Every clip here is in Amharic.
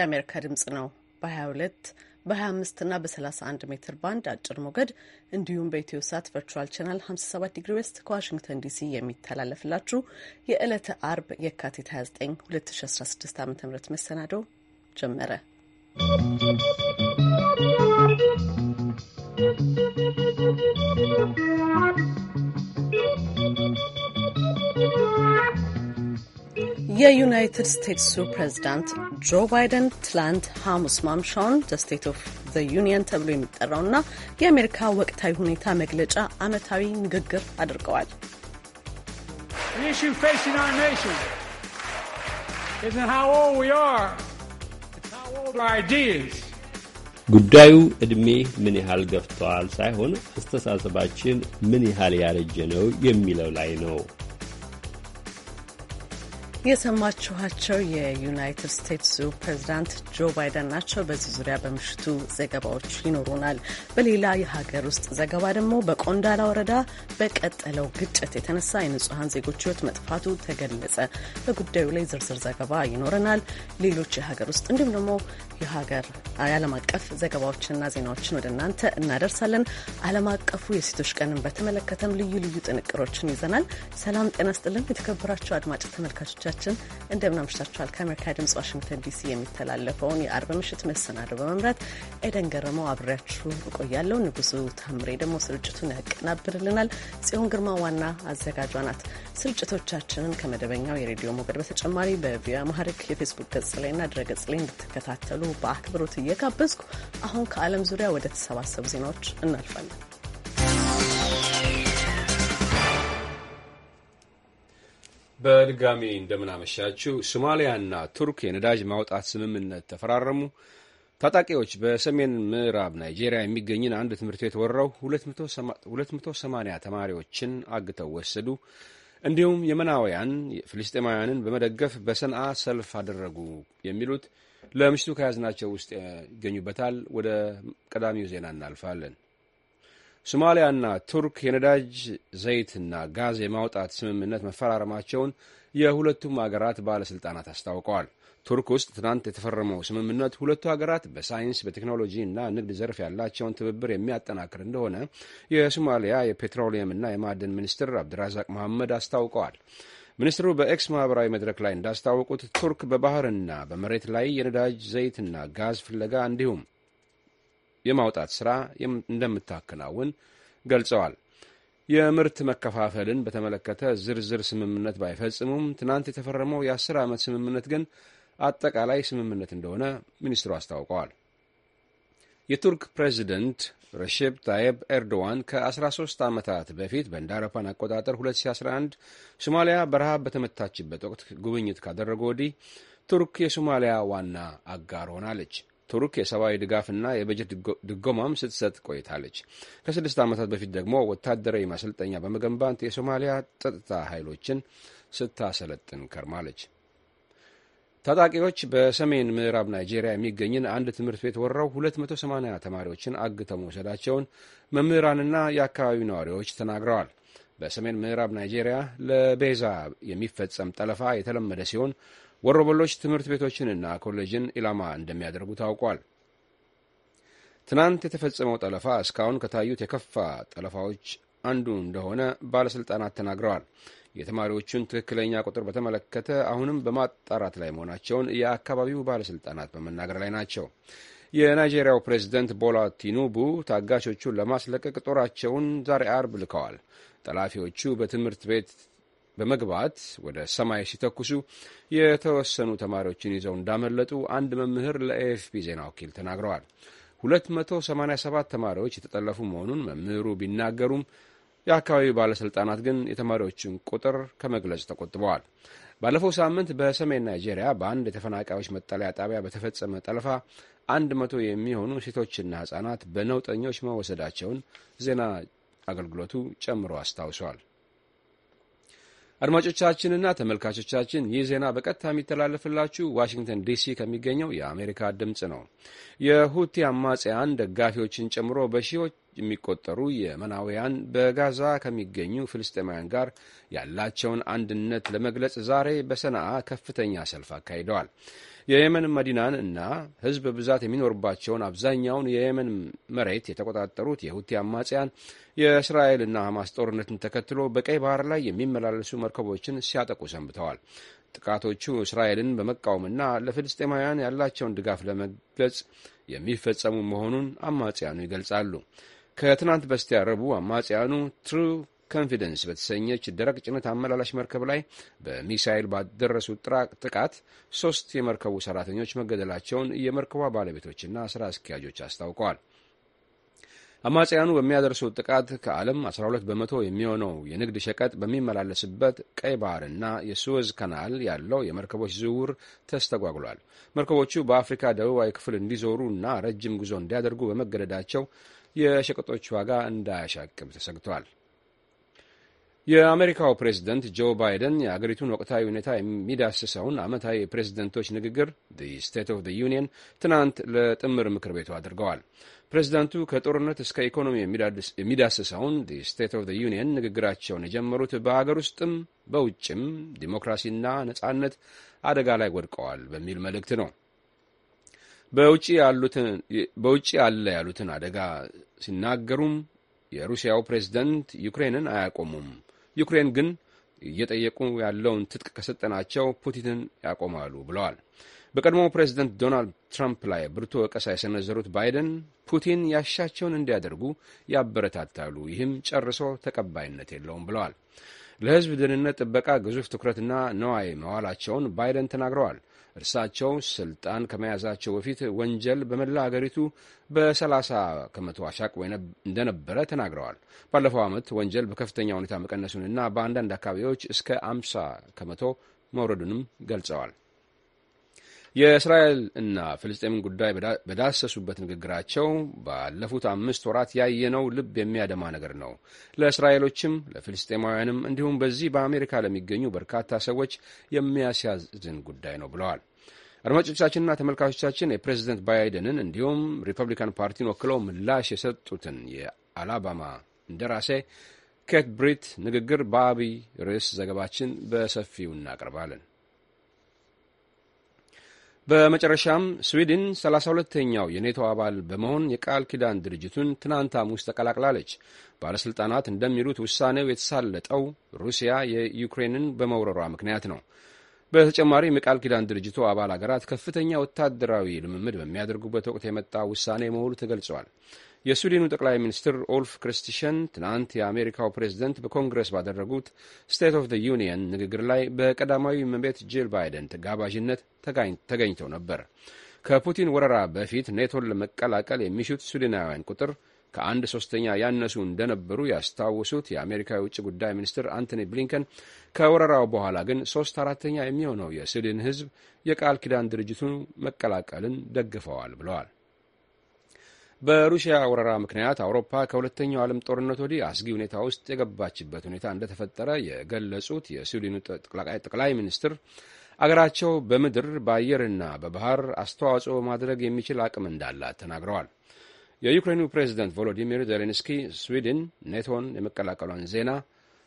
የአሜሪካ ድምጽ ነው። በ22 በ25 እና በ31 ሜትር ባንድ አጭር ሞገድ እንዲሁም በኢትዮ ሳት ቨርቹዋል ቻናል 57 ዲግሪ ዌስት ከዋሽንግተን ዲሲ የሚተላለፍላችሁ የዕለተ አርብ የካቲት 29 2016 ዓ ም መሰናዶ ጀመረ። ¶¶ የዩናይትድ ስቴትሱ ፕሬዝዳንት ጆ ባይደን ትላንት ሐሙስ ማምሻውን ስቴት ኦፍ ዘ ዩኒየን ተብሎ የሚጠራውና የአሜሪካ ወቅታዊ ሁኔታ መግለጫ ዓመታዊ ንግግር አድርገዋል። ጉዳዩ ዕድሜ ምን ያህል ገፍተዋል ሳይሆን አስተሳሰባችን ምን ያህል ያረጀ ነው የሚለው ላይ ነው። የሰማችኋቸው የዩናይትድ ስቴትሱ ፕሬዚዳንት ጆ ባይደን ናቸው። በዚህ ዙሪያ በምሽቱ ዘገባዎች ይኖሩናል። በሌላ የሀገር ውስጥ ዘገባ ደግሞ በቆንዳላ ወረዳ በቀጠለው ግጭት የተነሳ የንጹሐን ዜጎች ሕይወት መጥፋቱ ተገለጸ። በጉዳዩ ላይ ዝርዝር ዘገባ ይኖረናል። ሌሎች የሀገር ውስጥ እንዲሁም ደግሞ የሀገር የዓለም አቀፍ ዘገባዎችንና ዜናዎችን ወደ እናንተ እናደርሳለን። ዓለም አቀፉ የሴቶች ቀንን በተመለከተም ልዩ ልዩ ጥንቅሮችን ይዘናል። ሰላም ጤና ስጥልን የተከበራቸው አድማጭ ተመልካቾች አድማጮቻችን እንደምን አምሽታችኋል። ከአሜሪካ ድምጽ ዋሽንግተን ዲሲ የሚተላለፈውን የአርብ ምሽት መሰናዶ በመምራት ኤደን ገረመው አብሬያችሁ እቆያለሁ። ንጉሱ ታምሬ ደግሞ ስርጭቱን ያቀናብርልናል። ጽዮን ግርማ ዋና አዘጋጇ ናት። ስርጭቶቻችንን ከመደበኛው የሬዲዮ ሞገድ በተጨማሪ በቪኦኤ አማርኛ የፌስቡክ ገጽ ላይና ድረ ገጽ ላይ እንድትከታተሉ በአክብሮት እየጋበዝኩ አሁን ከዓለም ዙሪያ ወደ ተሰባሰቡ ዜናዎች እናልፋለን። በድጋሚ እንደምናመሻችው ሶማሊያና ቱርክ የነዳጅ ማውጣት ስምምነት ተፈራረሙ። ታጣቂዎች በሰሜን ምዕራብ ናይጄሪያ የሚገኝን አንድ ትምህርት ቤት ወረው 280 ተማሪዎችን አግተው ወሰዱ። እንዲሁም የመናውያን ፍልስጤማውያንን በመደገፍ በሰንዓ ሰልፍ አደረጉ። የሚሉት ለምሽቱ ከያዝናቸው ውስጥ ይገኙበታል። ወደ ቀዳሚው ዜና እናልፋለን። ሶማሊያና ቱርክ የነዳጅ ዘይትና ጋዝ የማውጣት ስምምነት መፈራረማቸውን የሁለቱም አገራት ባለሥልጣናት አስታውቀዋል። ቱርክ ውስጥ ትናንት የተፈረመው ስምምነት ሁለቱ ሀገራት በሳይንስ በቴክኖሎጂ እና ንግድ ዘርፍ ያላቸውን ትብብር የሚያጠናክር እንደሆነ የሶማሊያ የፔትሮሊየም የፔትሮሊየምና የማዕድን ሚኒስትር አብድራዛቅ መሐመድ አስታውቀዋል። ሚኒስትሩ በኤክስ ማህበራዊ መድረክ ላይ እንዳስታወቁት ቱርክ በባህርና በመሬት ላይ የነዳጅ ዘይትና ጋዝ ፍለጋ እንዲሁም የማውጣት ሥራ እንደምታከናውን ገልጸዋል። የምርት መከፋፈልን በተመለከተ ዝርዝር ስምምነት ባይፈጽሙም ትናንት የተፈረመው የአስር ዓመት ስምምነት ግን አጠቃላይ ስምምነት እንደሆነ ሚኒስትሩ አስታውቀዋል። የቱርክ ፕሬዚደንት ረሺፕ ታየብ ኤርዶዋን ከ13 ዓመታት በፊት በእንደ አውሮፓውያን አቆጣጠር 2011 ሶማሊያ በረሃብ በተመታችበት ወቅት ጉብኝት ካደረጉ ወዲህ ቱርክ የሶማሊያ ዋና አጋር ሆናለች። ቱርክ የሰብአዊ ድጋፍና የበጀት ድጎማም ስትሰጥ ቆይታለች። ከስድስት ዓመታት በፊት ደግሞ ወታደራዊ ማሰልጠኛ በመገንባት የሶማሊያ ጸጥታ ኃይሎችን ስታሰለጥን ከርማለች። ታጣቂዎች በሰሜን ምዕራብ ናይጄሪያ የሚገኝን አንድ ትምህርት ቤት ወረው 280 ተማሪዎችን አግተው መውሰዳቸውን መምህራንና የአካባቢው ነዋሪዎች ተናግረዋል። በሰሜን ምዕራብ ናይጄሪያ ለቤዛ የሚፈጸም ጠለፋ የተለመደ ሲሆን ወሮበሎች ትምህርት ቤቶችንና ኮሌጅን ኢላማ እንደሚያደርጉ ታውቋል። ትናንት የተፈጸመው ጠለፋ እስካሁን ከታዩት የከፋ ጠለፋዎች አንዱ እንደሆነ ባለሥልጣናት ተናግረዋል። የተማሪዎቹን ትክክለኛ ቁጥር በተመለከተ አሁንም በማጣራት ላይ መሆናቸውን የአካባቢው ባለሥልጣናት በመናገር ላይ ናቸው። የናይጄሪያው ፕሬዚደንት ቦላ ቲኑቡ ታጋቾቹን ለማስለቀቅ ጦራቸውን ዛሬ አርብ ልከዋል። ጠላፊዎቹ በትምህርት ቤት በመግባት ወደ ሰማይ ሲተኩሱ የተወሰኑ ተማሪዎችን ይዘው እንዳመለጡ አንድ መምህር ለኤኤፍፒ ዜና ወኪል ተናግረዋል። 287 ተማሪዎች የተጠለፉ መሆኑን መምህሩ ቢናገሩም የአካባቢው ባለሥልጣናት ግን የተማሪዎችን ቁጥር ከመግለጽ ተቆጥበዋል። ባለፈው ሳምንት በሰሜን ናይጄሪያ በአንድ የተፈናቃዮች መጠለያ ጣቢያ በተፈጸመ ጠለፋ አንድ መቶ የሚሆኑ ሴቶችና ሕጻናት በነውጠኞች መወሰዳቸውን ዜና አገልግሎቱ ጨምሮ አስታውሷል። አድማጮቻችንና ተመልካቾቻችን ይህ ዜና በቀጥታ የሚተላለፍላችሁ ዋሽንግተን ዲሲ ከሚገኘው የአሜሪካ ድምፅ ነው። የሁቲ አማጽያን ደጋፊዎችን ጨምሮ በሺዎች የሚቆጠሩ የመናውያን በጋዛ ከሚገኙ ፍልስጤማውያን ጋር ያላቸውን አንድነት ለመግለጽ ዛሬ በሰንዓ ከፍተኛ ሰልፍ አካሂደዋል። የየመን መዲናን እና ሕዝብ ብዛት የሚኖርባቸውን አብዛኛውን የየመን መሬት የተቆጣጠሩት የሁቲ አማጽያን የእስራኤልና ሐማስ ጦርነትን ተከትሎ በቀይ ባህር ላይ የሚመላለሱ መርከቦችን ሲያጠቁ ሰንብተዋል። ጥቃቶቹ እስራኤልን በመቃወምና ለፍልስጤማውያን ያላቸውን ድጋፍ ለመግለጽ የሚፈጸሙ መሆኑን አማጽያኑ ይገልጻሉ። ከትናንት በስቲያ ረቡዕ አማጽያኑ ትሩ ኮንፊደንስ በተሰኘች ደረቅ ጭነት አመላላሽ መርከብ ላይ በሚሳይል ባደረሱት ጥቃት ሶስት የመርከቡ ሰራተኞች መገደላቸውን የመርከቧ ባለቤቶችና ስራ አስኪያጆች አስታውቀዋል። አማጽያኑ በሚያደርሰው ጥቃት ከዓለም 12 በመቶ የሚሆነው የንግድ ሸቀጥ በሚመላለስበት ቀይ ባህርና የስዌዝ ካናል ያለው የመርከቦች ዝውውር ተስተጓጉሏል። መርከቦቹ በአፍሪካ ደቡባዊ ክፍል እንዲዞሩ እና ረጅም ጉዞ እንዲያደርጉ በመገደዳቸው የሸቀጦች ዋጋ እንዳያሻቅብ ተሰግቷል። የአሜሪካው ፕሬዝደንት ጆ ባይደን የአገሪቱን ወቅታዊ ሁኔታ የሚዳስሰውን ዓመታዊ የፕሬዝደንቶች ንግግር ስቴት ኦፍ ዩኒየን ትናንት ለጥምር ምክር ቤቱ አድርገዋል። ፕሬዚዳንቱ ከጦርነት እስከ ኢኮኖሚ የሚዳስሰውን ዲ ስቴት ኦፍ ዩኒየን ንግግራቸውን የጀመሩት በሀገር ውስጥም በውጭም ዲሞክራሲና ነጻነት አደጋ ላይ ወድቀዋል በሚል መልእክት ነው። በውጭ ያለ ያሉትን አደጋ ሲናገሩም የሩሲያው ፕሬዚደንት ዩክሬንን አያቆሙም፣ ዩክሬን ግን እየጠየቁ ያለውን ትጥቅ ከሰጠናቸው ፑቲንን ያቆማሉ ብለዋል። በቀድሞው ፕሬዚደንት ዶናልድ ትራምፕ ላይ ብርቱ ወቀሳ የሰነዘሩት ባይደን ፑቲን ያሻቸውን እንዲያደርጉ ያበረታታሉ፣ ይህም ጨርሶ ተቀባይነት የለውም ብለዋል። ለሕዝብ ደህንነት ጥበቃ ግዙፍ ትኩረትና ነዋይ መዋላቸውን ባይደን ተናግረዋል። እርሳቸው ስልጣን ከመያዛቸው በፊት ወንጀል በመላ አገሪቱ በ30 ከመቶ አሻቅ እንደነበረ ተናግረዋል። ባለፈው ዓመት ወንጀል በከፍተኛ ሁኔታ መቀነሱንና በአንዳንድ አካባቢዎች እስከ 50 ከመቶ መውረዱንም ገልጸዋል። የእስራኤል እና ፍልስጤምን ጉዳይ በዳሰሱበት ንግግራቸው ባለፉት አምስት ወራት ያየነው ልብ የሚያደማ ነገር ነው። ለእስራኤሎችም ለፍልስጤማውያንም እንዲሁም በዚህ በአሜሪካ ለሚገኙ በርካታ ሰዎች የሚያስያዝን ጉዳይ ነው ብለዋል። አድማጮቻችንና ተመልካቾቻችን የፕሬዚደንት ባይደንን እንዲሁም ሪፐብሊካን ፓርቲን ወክለው ምላሽ የሰጡትን የአላባማ እንደራሴ ኬት ብሪት ንግግር በአብይ ርዕስ ዘገባችን በሰፊው እናቀርባለን። በመጨረሻም ስዊድን 32ተኛው የኔቶ አባል በመሆን የቃል ኪዳን ድርጅቱን ትናንት ሐሙስ ተቀላቅላለች። ባለሥልጣናት እንደሚሉት ውሳኔው የተሳለጠው ሩሲያ የዩክሬንን በመውረሯ ምክንያት ነው። በተጨማሪም የቃል ኪዳን ድርጅቱ አባል አገራት ከፍተኛ ወታደራዊ ልምምድ በሚያደርጉበት ወቅት የመጣ ውሳኔ መሆኑ ተገልጿል። የስዊድኑ ጠቅላይ ሚኒስትር ኦልፍ ክርስቲሸን ትናንት የአሜሪካው ፕሬዝደንት በኮንግረስ ባደረጉት ስቴት ኦፍ ዘ ዩኒየን ንግግር ላይ በቀዳማዊ እመቤት ጂል ባይደን ጋባዥነት ተገኝተው ነበር። ከፑቲን ወረራ በፊት ኔቶን ለመቀላቀል የሚሹት ስዊድናውያን ቁጥር ከአንድ ሶስተኛ ያነሱ እንደነበሩ ያስታውሱት የአሜሪካ የውጭ ጉዳይ ሚኒስትር አንቶኒ ብሊንከን ከወረራው በኋላ ግን ሶስት አራተኛ የሚሆነው የስዊድን ሕዝብ የቃል ኪዳን ድርጅቱን መቀላቀልን ደግፈዋል ብለዋል። በሩሲያ ወረራ ምክንያት አውሮፓ ከሁለተኛው ዓለም ጦርነት ወዲህ አስጊ ሁኔታ ውስጥ የገባችበት ሁኔታ እንደተፈጠረ የገለጹት የስዊድኑ ጠቅላይ ሚኒስትር አገራቸው በምድር በአየርና በባህር አስተዋጽኦ ማድረግ የሚችል አቅም እንዳላት ተናግረዋል። የዩክሬኑ ፕሬዚደንት ቮሎዲሚር ዜሌንስኪ ስዊድን ኔቶን የመቀላቀሏን ዜና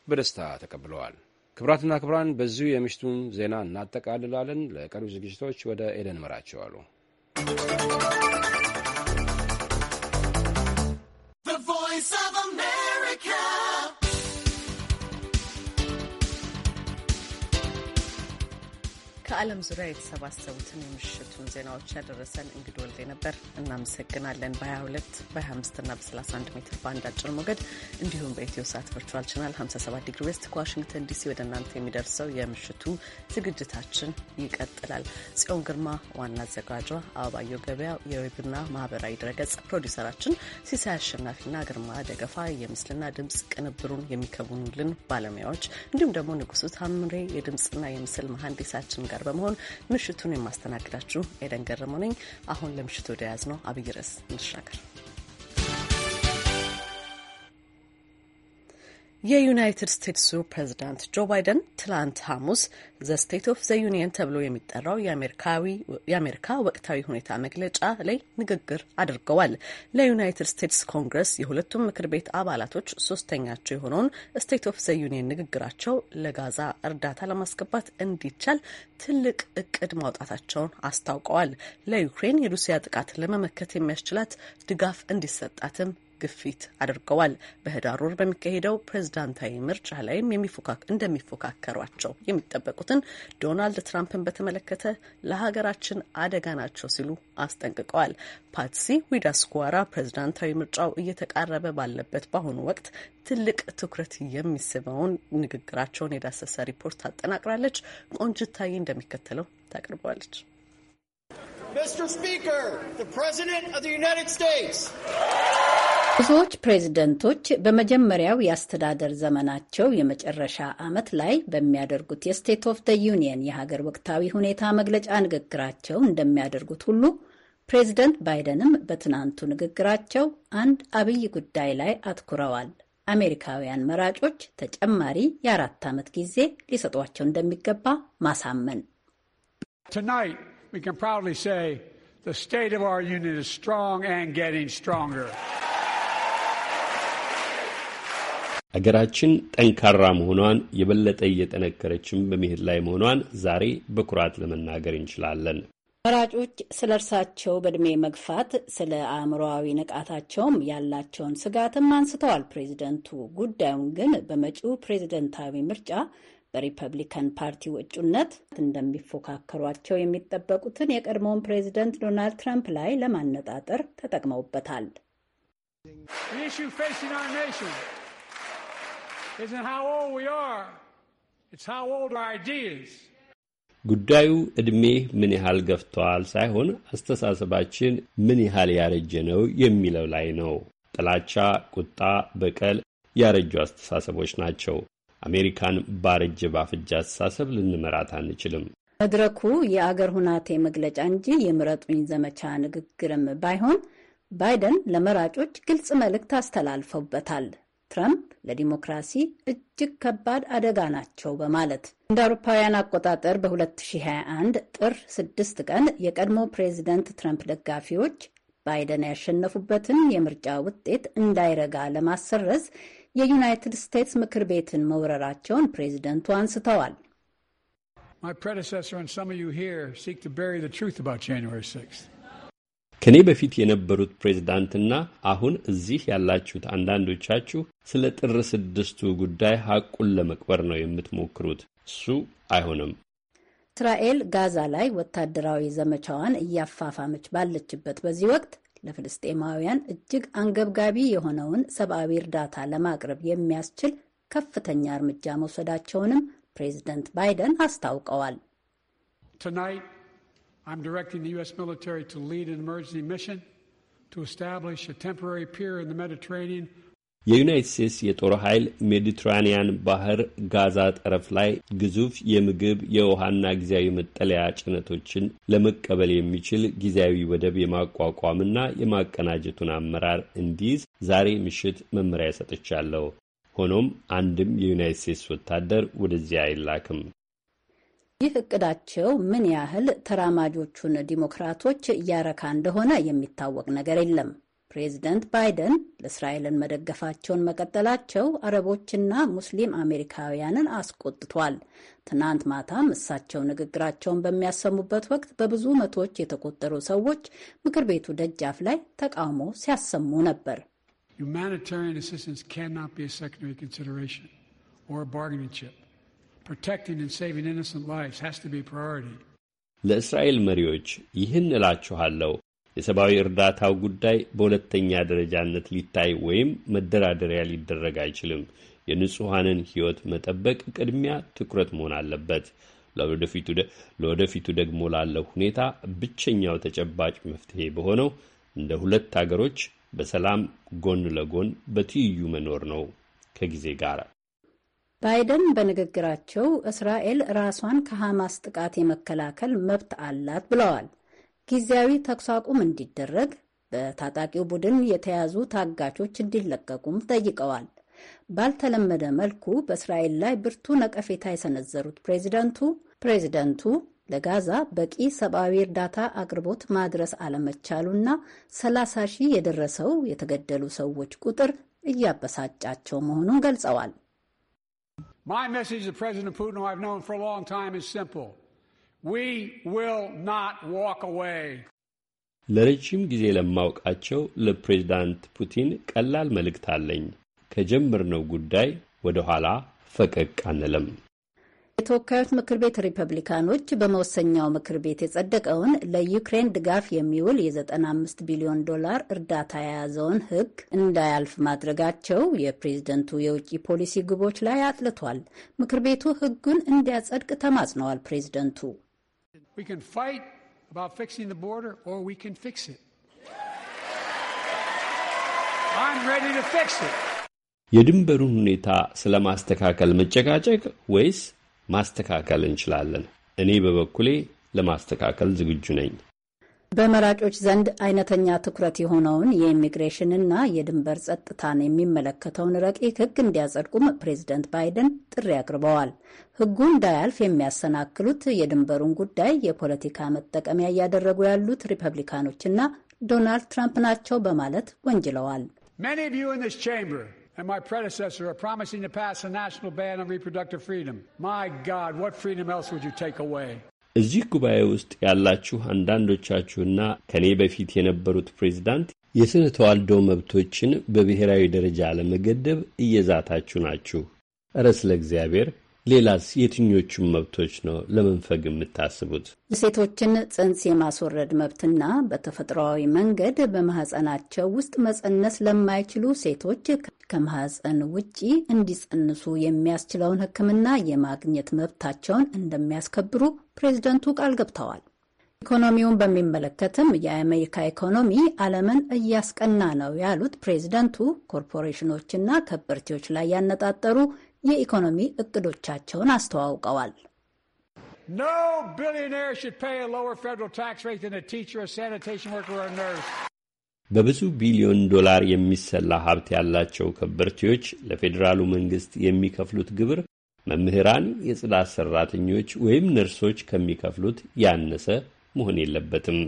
በደስታ ተቀብለዋል። ክብራትና ክብራን በዚሁ የምሽቱን ዜና እናጠቃልላለን። ለቀሪው ዝግጅቶች ወደ ኤደን መራቸዋሉ። ከዓለም ዙሪያ የተሰባሰቡትን የምሽቱን ዜናዎች ያደረሰን እንግድ ወልዴ ነበር። እናመሰግናለን። በ22 በ25 እና በ31 ሜትር በአንድ አጭር ሞገድ እንዲሁም በኢትዮ ሳት ቨርቹዋል ቻናል 57 ዲግሪ ዌስት ከዋሽንግተን ዲሲ ወደ እናንተ የሚደርሰው የምሽቱ ዝግጅታችን ይቀጥላል። ጽዮን ግርማ ዋና አዘጋጇ፣ አበባየሁ ገበያ የዌብና ማህበራዊ ድረገጽ ፕሮዲውሰራችን፣ ሲሳይ አሸናፊና ግርማ ደገፋ የምስልና ድምፅ ቅንብሩን የሚከውኑልን ባለሙያዎች እንዲሁም ደግሞ ንጉሱ ታምሬ የድምፅና የምስል መሀንዲሳችን ጋር በመሆን ምሽቱን የማስተናግዳችሁ ኤደን ገረመነኝ። አሁን ለምሽቱ ወደ ያዝ ነው አብይ ርዕስ እንሻገር። የዩናይትድ ስቴትሱ ፕሬዚዳንት ጆ ባይደን ትላንት ሐሙስ ዘ ስቴት ኦፍ ዘ ዩኒየን ተብሎ የሚጠራው የአሜሪካ ወቅታዊ ሁኔታ መግለጫ ላይ ንግግር አድርገዋል። ለዩናይትድ ስቴትስ ኮንግረስ የሁለቱም ምክር ቤት አባላቶች ሶስተኛቸው የሆነውን ስቴት ኦፍ ዘ ዩኒየን ንግግራቸው ለጋዛ እርዳታ ለማስገባት እንዲቻል ትልቅ እቅድ ማውጣታቸውን አስታውቀዋል። ለዩክሬን የሩሲያ ጥቃት ለመመከት የሚያስችላት ድጋፍ እንዲሰጣትም ግፊት አድርገዋል። በህዳር ወር በሚካሄደው ፕሬዝዳንታዊ ምርጫ ላይም እንደሚፎካከሯቸው የሚጠበቁትን ዶናልድ ትራምፕን በተመለከተ ለሀገራችን አደጋ ናቸው ሲሉ አስጠንቅቀዋል። ፓትሲ ዊዳስኳራ ፕሬዝዳንታዊ ምርጫው እየተቃረበ ባለበት በአሁኑ ወቅት ትልቅ ትኩረት የሚስበውን ንግግራቸውን የዳሰሰ ሪፖርት ታጠናቅራለች። ቆንጅታዬ እንደሚከተለው ታቀርበዋለች። Mr. Speaker, the President of the United States. ብዙዎች ፕሬዝደንቶች በመጀመሪያው የአስተዳደር ዘመናቸው የመጨረሻ ዓመት ላይ በሚያደርጉት የስቴት ኦፍ ደ ዩኒየን የሀገር ወቅታዊ ሁኔታ መግለጫ ንግግራቸው እንደሚያደርጉት ሁሉ ፕሬዝደንት ባይደንም በትናንቱ ንግግራቸው አንድ አብይ ጉዳይ ላይ አትኩረዋል። አሜሪካውያን መራጮች ተጨማሪ የአራት ዓመት ጊዜ ሊሰጧቸው እንደሚገባ ማሳመን Tonight, we can proudly say the አገራችን ጠንካራ መሆኗን የበለጠ እየጠነከረችም በመሄድ ላይ መሆኗን ዛሬ በኩራት ለመናገር እንችላለን። መራጮች ስለ እርሳቸው በእድሜ መግፋት፣ ስለ አእምሮዊ ንቃታቸውም ያላቸውን ስጋትም አንስተዋል ፕሬዚደንቱ። ጉዳዩን ግን በመጪው ፕሬዚደንታዊ ምርጫ በሪፐብሊካን ፓርቲ እጩነት እንደሚፎካከሯቸው የሚጠበቁትን የቀድሞውን ፕሬዚደንት ዶናልድ ትራምፕ ላይ ለማነጣጠር ተጠቅመውበታል። isn't how old we are. It's how old our ideas. ጉዳዩ እድሜ ምን ያህል ገፍቷል ሳይሆን አስተሳሰባችን ምን ያህል ያረጀ ነው የሚለው ላይ ነው። ጥላቻ፣ ቁጣ፣ በቀል ያረጁ አስተሳሰቦች ናቸው። አሜሪካን ባረጀ ባፍጃ አስተሳሰብ ልንመራት አንችልም። መድረኩ የአገር ሁናቴ መግለጫ እንጂ የምረጡኝ ዘመቻ ንግግርም ባይሆን ባይደን ለመራጮች ግልጽ መልእክት አስተላልፈውበታል። ትራምፕ ለዲሞክራሲ እጅግ ከባድ አደጋ ናቸው በማለት እንደ አውሮፓውያን አቆጣጠር በ2021 ጥር 6 ቀን የቀድሞ ፕሬዚደንት ትራምፕ ደጋፊዎች ባይደን ያሸነፉበትን የምርጫ ውጤት እንዳይረጋ ለማሰረዝ የዩናይትድ ስቴትስ ምክር ቤትን መውረራቸውን ፕሬዚደንቱ አንስተዋል። My predecessor and some of you here seek to bury the truth about January 6th. ከእኔ በፊት የነበሩት ፕሬዝዳንትና አሁን እዚህ ያላችሁት አንዳንዶቻችሁ ስለ ጥር ስድስቱ ጉዳይ ሐቁን ለመቅበር ነው የምትሞክሩት። እሱ አይሆንም። እስራኤል ጋዛ ላይ ወታደራዊ ዘመቻዋን እያፋፋመች ባለችበት በዚህ ወቅት ለፍልስጤማውያን እጅግ አንገብጋቢ የሆነውን ሰብአዊ እርዳታ ለማቅረብ የሚያስችል ከፍተኛ እርምጃ መውሰዳቸውንም ፕሬዝደንት ባይደን አስታውቀዋል። I'm directing the U.S. military to lead an emergency mission to establish a temporary pier in the Mediterranean. የዩናይት ስቴትስ የጦር ኃይል ሜዲትራኒያን ባህር ጋዛ ጠረፍ ላይ ግዙፍ የምግብ የውሃና ጊዜያዊ መጠለያ ጭነቶችን ለመቀበል የሚችል ጊዜያዊ ወደብ የማቋቋምና የማቀናጀቱን አመራር እንዲይዝ ዛሬ ምሽት መመሪያ ሰጥቻለሁ። ሆኖም አንድም የዩናይት ስቴትስ ወታደር ወደዚያ አይላክም። ይህ እቅዳቸው ምን ያህል ተራማጆቹን ዲሞክራቶች እያረካ እንደሆነ የሚታወቅ ነገር የለም። ፕሬዚደንት ባይደን ለእስራኤልን መደገፋቸውን መቀጠላቸው አረቦችና ሙስሊም አሜሪካውያንን አስቆጥቷል። ትናንት ማታም እሳቸው ንግግራቸውን በሚያሰሙበት ወቅት በብዙ መቶዎች የተቆጠሩ ሰዎች ምክር ቤቱ ደጃፍ ላይ ተቃውሞ ሲያሰሙ ነበር። ሁማኒታሪያን አሲስታንስ ካናት ቢ አ ኮንሲደሬሽን ኦር ባርጌኒንግ ቺፕ ለእስራኤል መሪዎች ይህን እላችኋለሁ፣ የሰብአዊ እርዳታው ጉዳይ በሁለተኛ ደረጃነት ሊታይ ወይም መደራደሪያ ሊደረግ አይችልም። የንጹሐንን ሕይወት መጠበቅ ቅድሚያ ትኩረት መሆን አለበት። ለወደፊቱ ደግሞ ላለው ሁኔታ ብቸኛው ተጨባጭ መፍትሄ በሆነው እንደ ሁለት አገሮች በሰላም ጎን ለጎን በትይዩ መኖር ነው ከጊዜ ጋር ባይደን በንግግራቸው እስራኤል ራሷን ከሐማስ ጥቃት የመከላከል መብት አላት ብለዋል። ጊዜያዊ ተኩስ አቁም እንዲደረግ፣ በታጣቂው ቡድን የተያዙ ታጋቾች እንዲለቀቁም ጠይቀዋል። ባልተለመደ መልኩ በእስራኤል ላይ ብርቱ ነቀፌታ የሰነዘሩት ፕሬዚደንቱ ፕሬዚደንቱ ለጋዛ በቂ ሰብአዊ እርዳታ አቅርቦት ማድረስ አለመቻሉና ሰላሳ ሺህ የደረሰው የተገደሉ ሰዎች ቁጥር እያበሳጫቸው መሆኑን ገልጸዋል። My message to President Putin, who I've known for a long time, is simple. We will not walk away. ለረጅም ጊዜ ለማውቃቸው ለፕሬዚዳንት ፑቲን ቀላል መልእክት አለኝ። ከጀመርነው ጉዳይ ወደ ኋላ ፈቀቅ አንልም። የተወካዮች ምክር ቤት ሪፐብሊካኖች በመወሰኛው ምክር ቤት የጸደቀውን ለዩክሬን ድጋፍ የሚውል የ95 ቢሊዮን ዶላር እርዳታ የያዘውን ሕግ እንዳያልፍ ማድረጋቸው የፕሬዝደንቱ የውጭ ፖሊሲ ግቦች ላይ አጥልቷል። ምክር ቤቱ ሕጉን እንዲያጸድቅ ተማጽነዋል። ፕሬዝደንቱ የድንበሩን ሁኔታ ስለማስተካከል መጨቃጨቅ ወይስ ማስተካከል እንችላለን። እኔ በበኩሌ ለማስተካከል ዝግጁ ነኝ። በመራጮች ዘንድ አይነተኛ ትኩረት የሆነውን የኢሚግሬሽንና የድንበር ጸጥታን የሚመለከተውን ረቂቅ ሕግ እንዲያጸድቁም ፕሬዚደንት ባይደን ጥሪ አቅርበዋል። ሕጉ እንዳያልፍ የሚያሰናክሉት የድንበሩን ጉዳይ የፖለቲካ መጠቀሚያ እያደረጉ ያሉት ሪፐብሊካኖችና ዶናልድ ትራምፕ ናቸው በማለት ወንጅለዋል። and my predecessor are promising to pass a national ban on reproductive freedom. My God, what freedom else would you take away? እዚህ ጉባኤ ውስጥ ያላችሁ አንዳንዶቻችሁና ከእኔ በፊት የነበሩት ፕሬዚዳንት የሥነ ተዋልዶ መብቶችን በብሔራዊ ደረጃ ለመገደብ እየዛታችሁ ናችሁ። እረ ስለ እግዚአብሔር ሌላስ የትኞቹም መብቶች ነው ለመንፈግ የምታስቡት? ሴቶችን ጽንስ የማስወረድ መብትና በተፈጥሯዊ መንገድ በማህፀናቸው ውስጥ መጸነስ ለማይችሉ ሴቶች ከማህፀን ውጪ እንዲጸንሱ የሚያስችለውን ሕክምና የማግኘት መብታቸውን እንደሚያስከብሩ ፕሬዝደንቱ ቃል ገብተዋል። ኢኮኖሚውን በሚመለከትም የአሜሪካ ኢኮኖሚ ዓለምን እያስቀና ነው ያሉት ፕሬዝደንቱ ኮርፖሬሽኖችና ከበርቴዎች ላይ ያነጣጠሩ የኢኮኖሚ እቅዶቻቸውን አስተዋውቀዋል። በብዙ ቢሊዮን ዶላር የሚሰላ ሀብት ያላቸው ከበርቴዎች ለፌዴራሉ መንግሥት የሚከፍሉት ግብር መምህራን፣ የጽዳት ሠራተኞች ወይም ነርሶች ከሚከፍሉት ያነሰ መሆን የለበትም።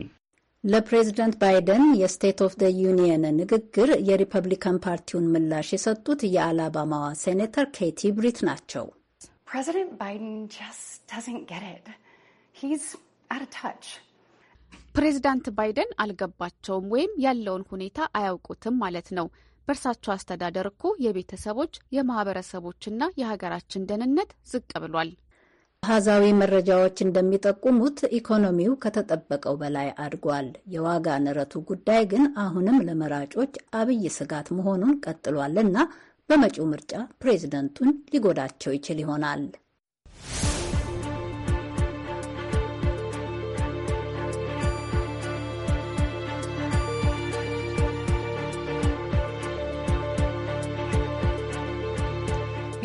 ለፕሬዝደንት ባይደን የስቴት ኦፍ ደ ዩኒየን ንግግር የሪፐብሊካን ፓርቲውን ምላሽ የሰጡት የአላባማዋ ሴኔተር ኬቲ ብሪት ናቸው። ፕሬዚዳንት ባይደን አልገባቸውም ወይም ያለውን ሁኔታ አያውቁትም ማለት ነው። በእርሳቸው አስተዳደር እኮ የቤተሰቦች የማህበረሰቦችና የሀገራችን ደህንነት ዝቅ ብሏል። አሃዛዊ መረጃዎች እንደሚጠቁሙት ኢኮኖሚው ከተጠበቀው በላይ አድጓል። የዋጋ ንረቱ ጉዳይ ግን አሁንም ለመራጮች አብይ ስጋት መሆኑን ቀጥሏል እና በመጪው ምርጫ ፕሬዝደንቱን ሊጎዳቸው ይችል ይሆናል።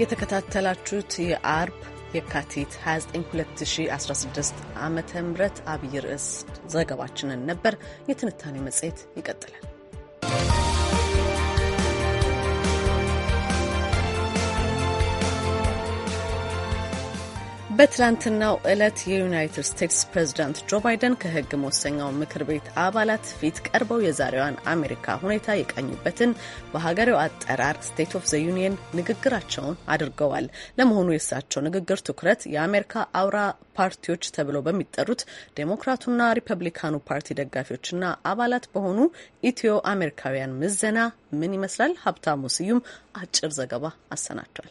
የተከታተላችሁት የአርብ የካቲት 29 2016 ዓ ም አብይ ርዕስ ዘገባችንን ነበር። የትንታኔ መጽሔት ይቀጥላል። በትላንትናው ዕለት የዩናይትድ ስቴትስ ፕሬዝዳንት ጆ ባይደን ከህግ መወሰኛው ምክር ቤት አባላት ፊት ቀርበው የዛሬዋን አሜሪካ ሁኔታ የቃኙበትን በሀገሬው አጠራር ስቴት ኦፍ ዘ ዩኒየን ንግግራቸውን አድርገዋል። ለመሆኑ የእሳቸው ንግግር ትኩረት የአሜሪካ አውራ ፓርቲዎች ተብለው በሚጠሩት ዴሞክራቱና ሪፐብሊካኑ ፓርቲ ደጋፊዎችና አባላት በሆኑ ኢትዮ አሜሪካውያን ምዘና ምን ይመስላል? ሀብታሙ ስዩም አጭር ዘገባ አሰናቷል።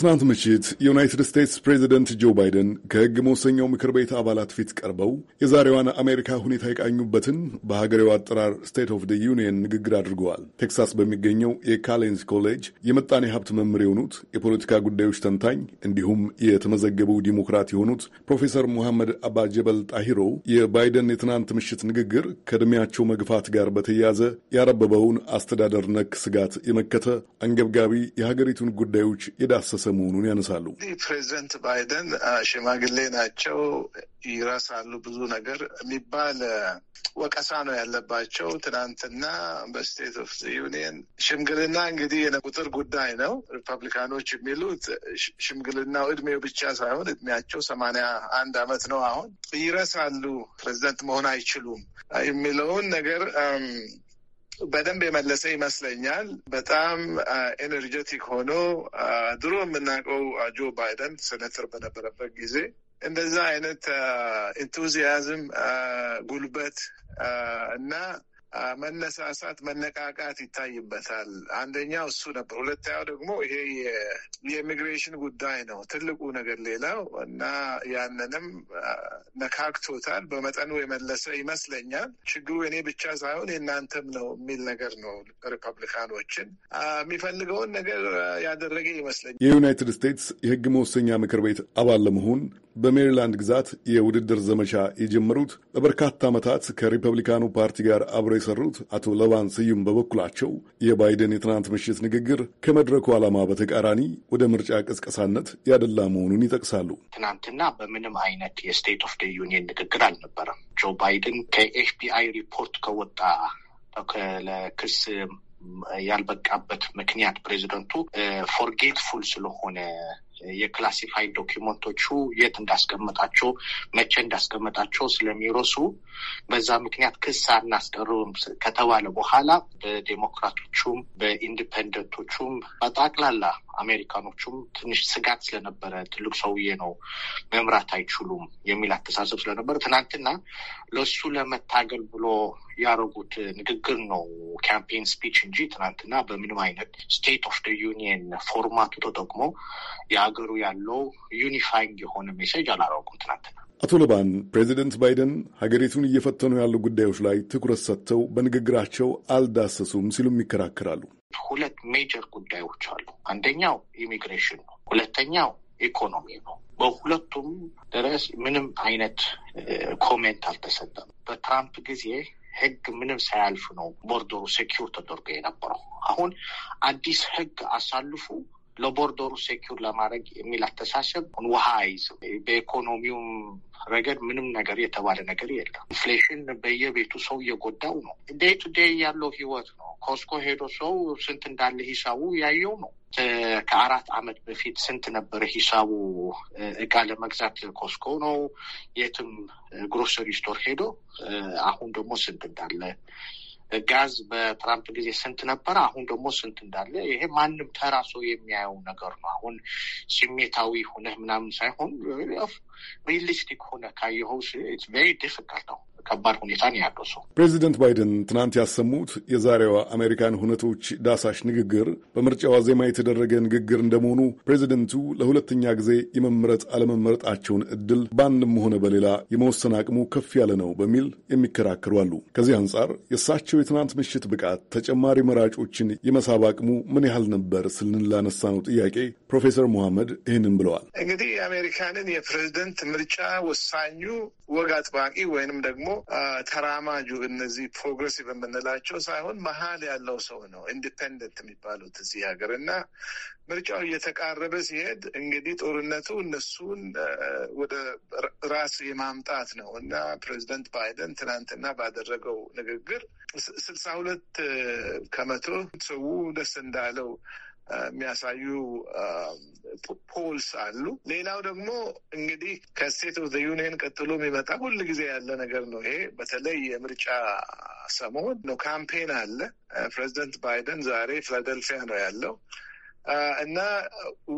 ትናንት ምሽት የዩናይትድ ስቴትስ ፕሬዚደንት ጆ ባይደን ከሕግ መወሰኛው ምክር ቤት አባላት ፊት ቀርበው የዛሬዋን አሜሪካ ሁኔታ የቃኙበትን በሀገሬው አጠራር ስቴት ኦፍ ደ ዩኒየን ንግግር አድርገዋል። ቴክሳስ በሚገኘው የካሌንስ ኮሌጅ የምጣኔ ሀብት መምህር የሆኑት የፖለቲካ ጉዳዮች ተንታኝ እንዲሁም የተመዘገቡ ዲሞክራት የሆኑት ፕሮፌሰር ሙሐመድ አባጀበል ጀበል ጣሂሮ የባይደን የትናንት ምሽት ንግግር ከእድሜያቸው መግፋት ጋር በተያያዘ ያረበበውን አስተዳደር ነክ ስጋት የመከተ አንገብጋቢ የሀገሪቱን ጉዳዮች የዳሰሰ የተከሰተ መሆኑን ያነሳሉ። ፕሬዚደንት ባይደን ሽማግሌ ናቸው፣ ይረሳሉ ብዙ ነገር የሚባል ወቀሳ ነው ያለባቸው። ትናንትና በስቴት ኦፍ ዩኒየን ሽምግልና እንግዲህ የቁጥር ጉዳይ ነው። ሪፐብሊካኖች የሚሉት ሽምግልናው እድሜው ብቻ ሳይሆን እድሜያቸው ሰማንያ አንድ አመት ነው። አሁን ይረሳሉ፣ ፕሬዚደንት መሆን አይችሉም የሚለውን ነገር በደንብ የመለሰ ይመስለኛል። በጣም ኤነርጀቲክ ሆኖ ድሮ የምናውቀው ጆ ባይደን ሴኔተር በነበረበት ጊዜ እንደዛ አይነት ኢንቱዚያዝም ጉልበት እና መነሳሳት፣ መነቃቃት ይታይበታል። አንደኛው እሱ ነበር። ሁለተኛው ደግሞ ይሄ የኢሚግሬሽን ጉዳይ ነው ትልቁ ነገር ሌላው እና ያንንም ነካክቶታል በመጠኑ የመለሰ ይመስለኛል። ችግሩ የኔ ብቻ ሳይሆን የእናንተም ነው የሚል ነገር ነው። ሪፐብሊካኖችን የሚፈልገውን ነገር ያደረገ ይመስለኛል። የዩናይትድ ስቴትስ የህግ መወሰኛ ምክር ቤት አባል ለመሆን በሜሪላንድ ግዛት የውድድር ዘመቻ የጀመሩት በበርካታ ዓመታት ከሪፐብሊካኑ ፓርቲ ጋር አብረ የሰሩት አቶ ለባን ስዩም በበኩላቸው የባይደን የትናንት ምሽት ንግግር ከመድረኩ ዓላማ በተቃራኒ ወደ ምርጫ ቅስቀሳነት ያደላ መሆኑን ይጠቅሳሉ። ትናንትና በምንም አይነት የስቴት ኦፍ ደ ዩኒየን ንግግር አልነበረም። ጆ ባይደን ከኤፍቢአይ ሪፖርት ከወጣ ለክስ ያልበቃበት ምክንያት ፕሬዚደንቱ ፎርጌትፉል ስለሆነ የክላሲፋይድ ዶኪመንቶቹ የት እንዳስቀመጣቸው መቼ እንዳስቀመጣቸው ስለሚረሱ በዛ ምክንያት ክስ አናስቀርብም ከተባለ በኋላ በዴሞክራቶቹም በኢንዲፐንደንቶቹም በጠቅላላ አሜሪካኖቹም ትንሽ ስጋት ስለነበረ ትልቅ ሰውዬ ነው መምራት አይችሉም የሚል አተሳሰብ ስለነበረ ትናንትና ለሱ ለመታገል ብሎ ያደረጉት ንግግር ነው ካምፔን ስፒች እንጂ ትናንትና በምንም አይነት ስቴት ኦፍ ደ ዩኒየን ፎርማቱ ተጠቅሞ የሀገሩ ያለው ዩኒፋይንግ የሆነ ሜሴጅ አላረጉም ትናንትና። አቶ ለባን ፕሬዚደንት ባይደን ሀገሪቱን እየፈተኑ ያሉ ጉዳዮች ላይ ትኩረት ሰጥተው በንግግራቸው አልዳሰሱም ሲሉም ይከራከራሉ። ሁለት ሜጀር ጉዳዮች አሉ። አንደኛው ኢሚግሬሽን ነው። ሁለተኛው ኢኮኖሚ ነው። በሁለቱም ድረስ ምንም አይነት ኮሜንት አልተሰጠም። በትራምፕ ጊዜ ህግ ምንም ሳያልፍ ነው ቦርደሩ ሴኪር ተደርጎ የነበረው። አሁን አዲስ ህግ አሳልፉ ለቦርደሩ ሴኪር ለማድረግ የሚል አስተሳሰብ ውሃ አይዝም። በኢኮኖሚውም ረገድ ምንም ነገር የተባለ ነገር የለም። ኢንፍሌሽን በየቤቱ ሰው እየጎዳው ነው። ዴይ ቱ ዴይ ያለው ህይወት ነው። ኮስኮ ሄዶ ሰው ስንት እንዳለ ሂሳቡ ያየው ነው። ከአራት አመት በፊት ስንት ነበረ ሂሳቡ? እቃ ለመግዛት ኮስኮ ነው የትም ግሮሰሪ ስቶር ሄዶ አሁን ደግሞ ስንት እንዳለ ጋዝ በትራምፕ ጊዜ ስንት ነበረ፣ አሁን ደግሞ ስንት እንዳለ ይሄ ማንም ተራ ሰው የሚያየው ነገር ነው። አሁን ስሜታዊ ሆነህ ምናምን ሳይሆን ሪሊስቲክ ሆነ ካየኸው ቬሪ ዲፊካልት ነው። ከባድ ሁኔታ ነው ያለው ሰው። ፕሬዚደንት ባይደን ትናንት ያሰሙት የዛሬዋ አሜሪካን ሁነቶች ዳሳሽ ንግግር በምርጫዋ ዋዜማ የተደረገ ንግግር እንደመሆኑ ፕሬዚደንቱ ለሁለተኛ ጊዜ የመምረጥ አለመመረጣቸውን እድል በአንድም ሆነ በሌላ የመወሰን አቅሙ ከፍ ያለ ነው በሚል የሚከራከሩ አሉ። ከዚህ አንጻር የእሳቸው የትናንት ምሽት ብቃት ተጨማሪ መራጮችን የመሳብ አቅሙ ምን ያህል ነበር ስልንላነሳ ነው ጥያቄ ፕሮፌሰር ሙሐመድ ይህንን ብለዋል። እንግዲህ የአሜሪካንን የፕሬዚደንት ምርጫ ወሳኙ ወግ አጥባቂ ወይንም ደግሞ ተራማጁ እነዚህ ፕሮግሬሲቭ የምንላቸው ሳይሆን መሀል ያለው ሰው ነው ኢንዲፔንደንት የሚባሉት እዚህ ሀገር እና ምርጫው እየተቃረበ ሲሄድ እንግዲህ ጦርነቱ እነሱን ወደ ራስ የማምጣት ነው እና ፕሬዚደንት ባይደን ትናንትና ባደረገው ንግግር ስልሳ ሁለት ከመቶ ሰው ደስ እንዳለው የሚያሳዩ ፖልስ አሉ። ሌላው ደግሞ እንግዲህ ከስቴት ኦፍ ዩኒየን ቀጥሎ የሚመጣ ሁል ጊዜ ያለ ነገር ነው። ይሄ በተለይ የምርጫ ሰሞን ነው፣ ካምፔን አለ። ፕሬዚደንት ባይደን ዛሬ ፊላደልፊያ ነው ያለው እና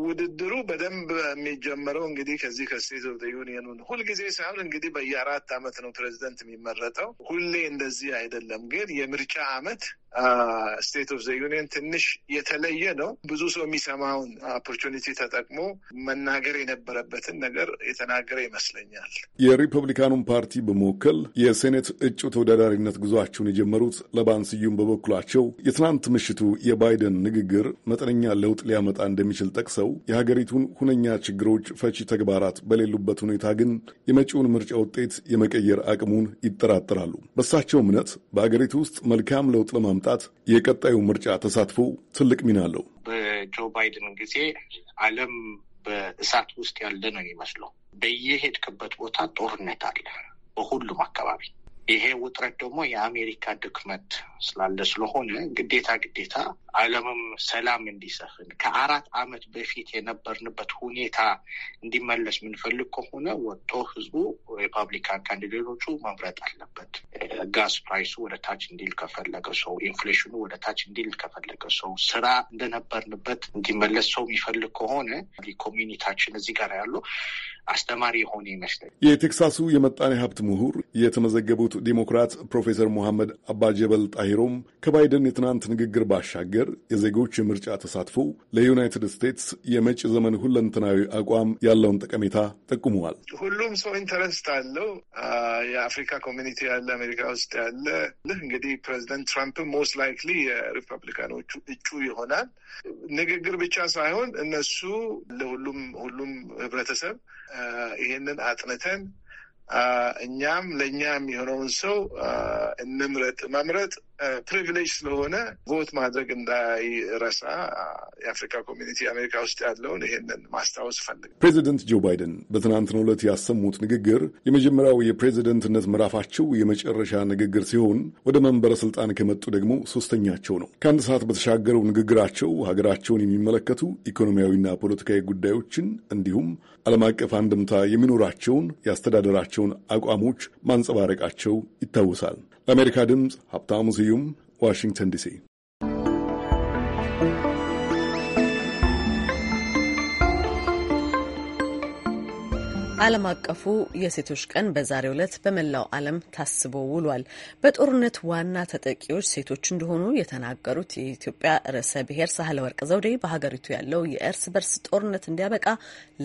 ውድድሩ በደንብ የሚጀመረው እንግዲህ ከዚህ ከስቴት ኦፍ ዩኒየኑ ሁልጊዜ ሳይሆን እንግዲህ በየአራት አመት ነው ፕሬዚደንት የሚመረጠው። ሁሌ እንደዚህ አይደለም፣ ግን የምርጫ አመት ስቴት ኦፍ ዘ ዩኒየን ትንሽ የተለየ ነው። ብዙ ሰው የሚሰማውን ኦፖርቹኒቲ ተጠቅሞ መናገር የነበረበትን ነገር የተናገረ ይመስለኛል። የሪፐብሊካኑን ፓርቲ በመወከል የሴኔት እጩ ተወዳዳሪነት ጉዟቸውን የጀመሩት ለባን ስዩም በበኩላቸው የትናንት ምሽቱ የባይደን ንግግር መጠነኛ ለውጥ ሊያመጣ እንደሚችል ጠቅሰው የሀገሪቱን ሁነኛ ችግሮች ፈቺ ተግባራት በሌሉበት ሁኔታ ግን የመጪውን ምርጫ ውጤት የመቀየር አቅሙን ይጠራጠራሉ። በሳቸው እምነት በሀገሪቱ ውስጥ መልካም ለውጥ ለማም ለማምጣት የቀጣዩ ምርጫ ተሳትፎ ትልቅ ሚና አለው። በጆ ባይደን ጊዜ ዓለም በእሳት ውስጥ ያለ ነው የሚመስለው። በየሄድክበት ቦታ ጦርነት አለ በሁሉም አካባቢ ይሄ ውጥረት ደግሞ የአሜሪካ ድክመት ስላለ ስለሆነ ግዴታ ግዴታ ዓለምም ሰላም እንዲሰፍን ከአራት ዓመት በፊት የነበርንበት ሁኔታ እንዲመለስ የምንፈልግ ከሆነ ወጥቶ ህዝቡ ሪፐብሊካን ካንዲዴቶቹ መምረጥ አለበት። ጋስ ፕራይሱ ወደ ታች እንዲል ከፈለገ ሰው፣ ኢንፍሌሽኑ ወደ ታች እንዲል ከፈለገ ሰው፣ ስራ እንደነበርንበት እንዲመለስ ሰው የሚፈልግ ከሆነ ኮሚኒታችን እዚህ ጋር ያለው አስተማሪ የሆነ ይመስላል። የቴክሳሱ የመጣኔ ሀብት ምሁር የተመዘገቡት ዲሞክራት ፕሮፌሰር ሙሐመድ አባጀበል ጣሂሮም ከባይደን የትናንት ንግግር ባሻገር የዜጎች የምርጫ ተሳትፎ ለዩናይትድ ስቴትስ የመጪ ዘመን ሁለንተናዊ አቋም ያለውን ጠቀሜታ ጠቁመዋል። ሁሉም ሰው ኢንተረስት አለው። የአፍሪካ ኮሚኒቲ ያለ አሜሪካ ውስጥ ያለ ልህ እንግዲህ ፕሬዚደንት ትራምፕ ሞስት ላይክሊ የሪፐብሊካኖቹ እጩ ይሆናል። ንግግር ብቻ ሳይሆን እነሱ ለሁሉም ሁሉም ህብረተሰብ ይሄንን አጥንተን እኛም ለእኛ የሚሆነውን ሰው እንምረጥ። መምረጥ ፕሪቪሌጅ ስለሆነ ቮት ማድረግ እንዳይረሳ የአፍሪካ ኮሚኒቲ አሜሪካ ውስጥ ያለውን ይህንን ማስታወስ ፈልግ። ፕሬዚደንት ጆ ባይደን በትናንትናው ዕለት ያሰሙት ንግግር የመጀመሪያው የፕሬዚደንትነት ምዕራፋቸው የመጨረሻ ንግግር ሲሆን ወደ መንበረ ስልጣን ከመጡ ደግሞ ሶስተኛቸው ነው። ከአንድ ሰዓት በተሻገረው ንግግራቸው ሀገራቸውን የሚመለከቱ ኢኮኖሚያዊና ፖለቲካዊ ጉዳዮችን እንዲሁም ዓለም አቀፍ አንድምታ የሚኖራቸውን የአስተዳደራቸውን አቋሞች ማንጸባረቃቸው ይታወሳል። ለአሜሪካ ድምፅ ሀብታሙ ስዩም ዋሽንግተን ዲሲ ዓለም አቀፉ የሴቶች ቀን በዛሬው ዕለት በመላው ዓለም ታስቦ ውሏል። በጦርነት ዋና ተጠቂዎች ሴቶች እንደሆኑ የተናገሩት የኢትዮጵያ ርዕሰ ብሔር ሳህለ ወርቅ ዘውዴ በሀገሪቱ ያለው የእርስ በርስ ጦርነት እንዲያበቃ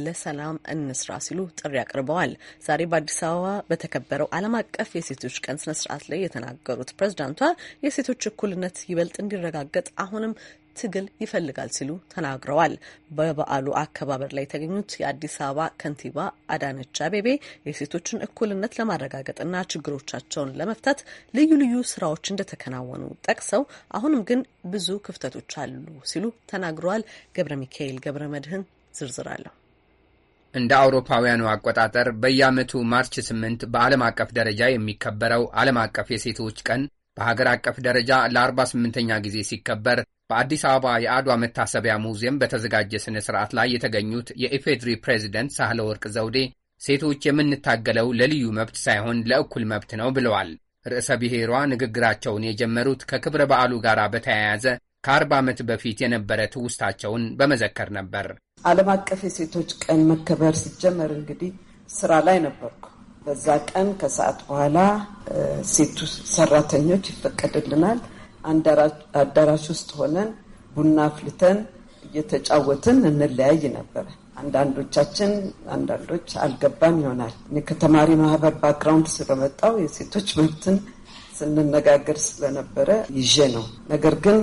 ለሰላም እንስራ ሲሉ ጥሪ አቅርበዋል። ዛሬ በአዲስ አበባ በተከበረው ዓለም አቀፍ የሴቶች ቀን ስነስርዓት ላይ የተናገሩት ፕሬዝዳንቷ የሴቶች እኩልነት ይበልጥ እንዲረጋገጥ አሁንም ትግል ይፈልጋል ሲሉ ተናግረዋል። በበዓሉ አከባበር ላይ የተገኙት የአዲስ አበባ ከንቲባ አዳነች አቤቤ የሴቶችን እኩልነት ለማረጋገጥና ችግሮቻቸውን ለመፍታት ልዩ ልዩ ስራዎች እንደተከናወኑ ጠቅሰው አሁንም ግን ብዙ ክፍተቶች አሉ ሲሉ ተናግረዋል። ገብረ ሚካኤል ገብረ መድህን ዝርዝር አለሁ። እንደ አውሮፓውያኑ አቆጣጠር በየዓመቱ ማርች 8 በዓለም አቀፍ ደረጃ የሚከበረው ዓለም አቀፍ የሴቶች ቀን በሀገር አቀፍ ደረጃ ለ48ኛ ጊዜ ሲከበር በአዲስ አበባ የአድዋ መታሰቢያ ሙዚየም በተዘጋጀ ስነ ስርዓት ላይ የተገኙት የኢፌድሪ ፕሬዚደንት ሳህለ ወርቅ ዘውዴ ሴቶች የምንታገለው ለልዩ መብት ሳይሆን ለእኩል መብት ነው ብለዋል። ርዕሰ ብሔሯ ንግግራቸውን የጀመሩት ከክብረ በዓሉ ጋር በተያያዘ ከአርባ ዓመት በፊት የነበረ ትውስታቸውን በመዘከር ነበር። ዓለም አቀፍ የሴቶች ቀን መከበር ሲጀመር እንግዲህ ስራ ላይ ነበርኩ በዛ ቀን ከሰዓት በኋላ ሴቱ ሰራተኞች ይፈቀድልናል። አዳራሽ ውስጥ ሆነን ቡና አፍልተን እየተጫወትን እንለያይ ነበረ። አንዳንዶቻችን አንዳንዶች አልገባም ይሆናል። ከተማሪ ማህበር ባክግራውንድ ስለመጣው የሴቶች መብትን ስንነጋገር ስለነበረ ይዤ ነው። ነገር ግን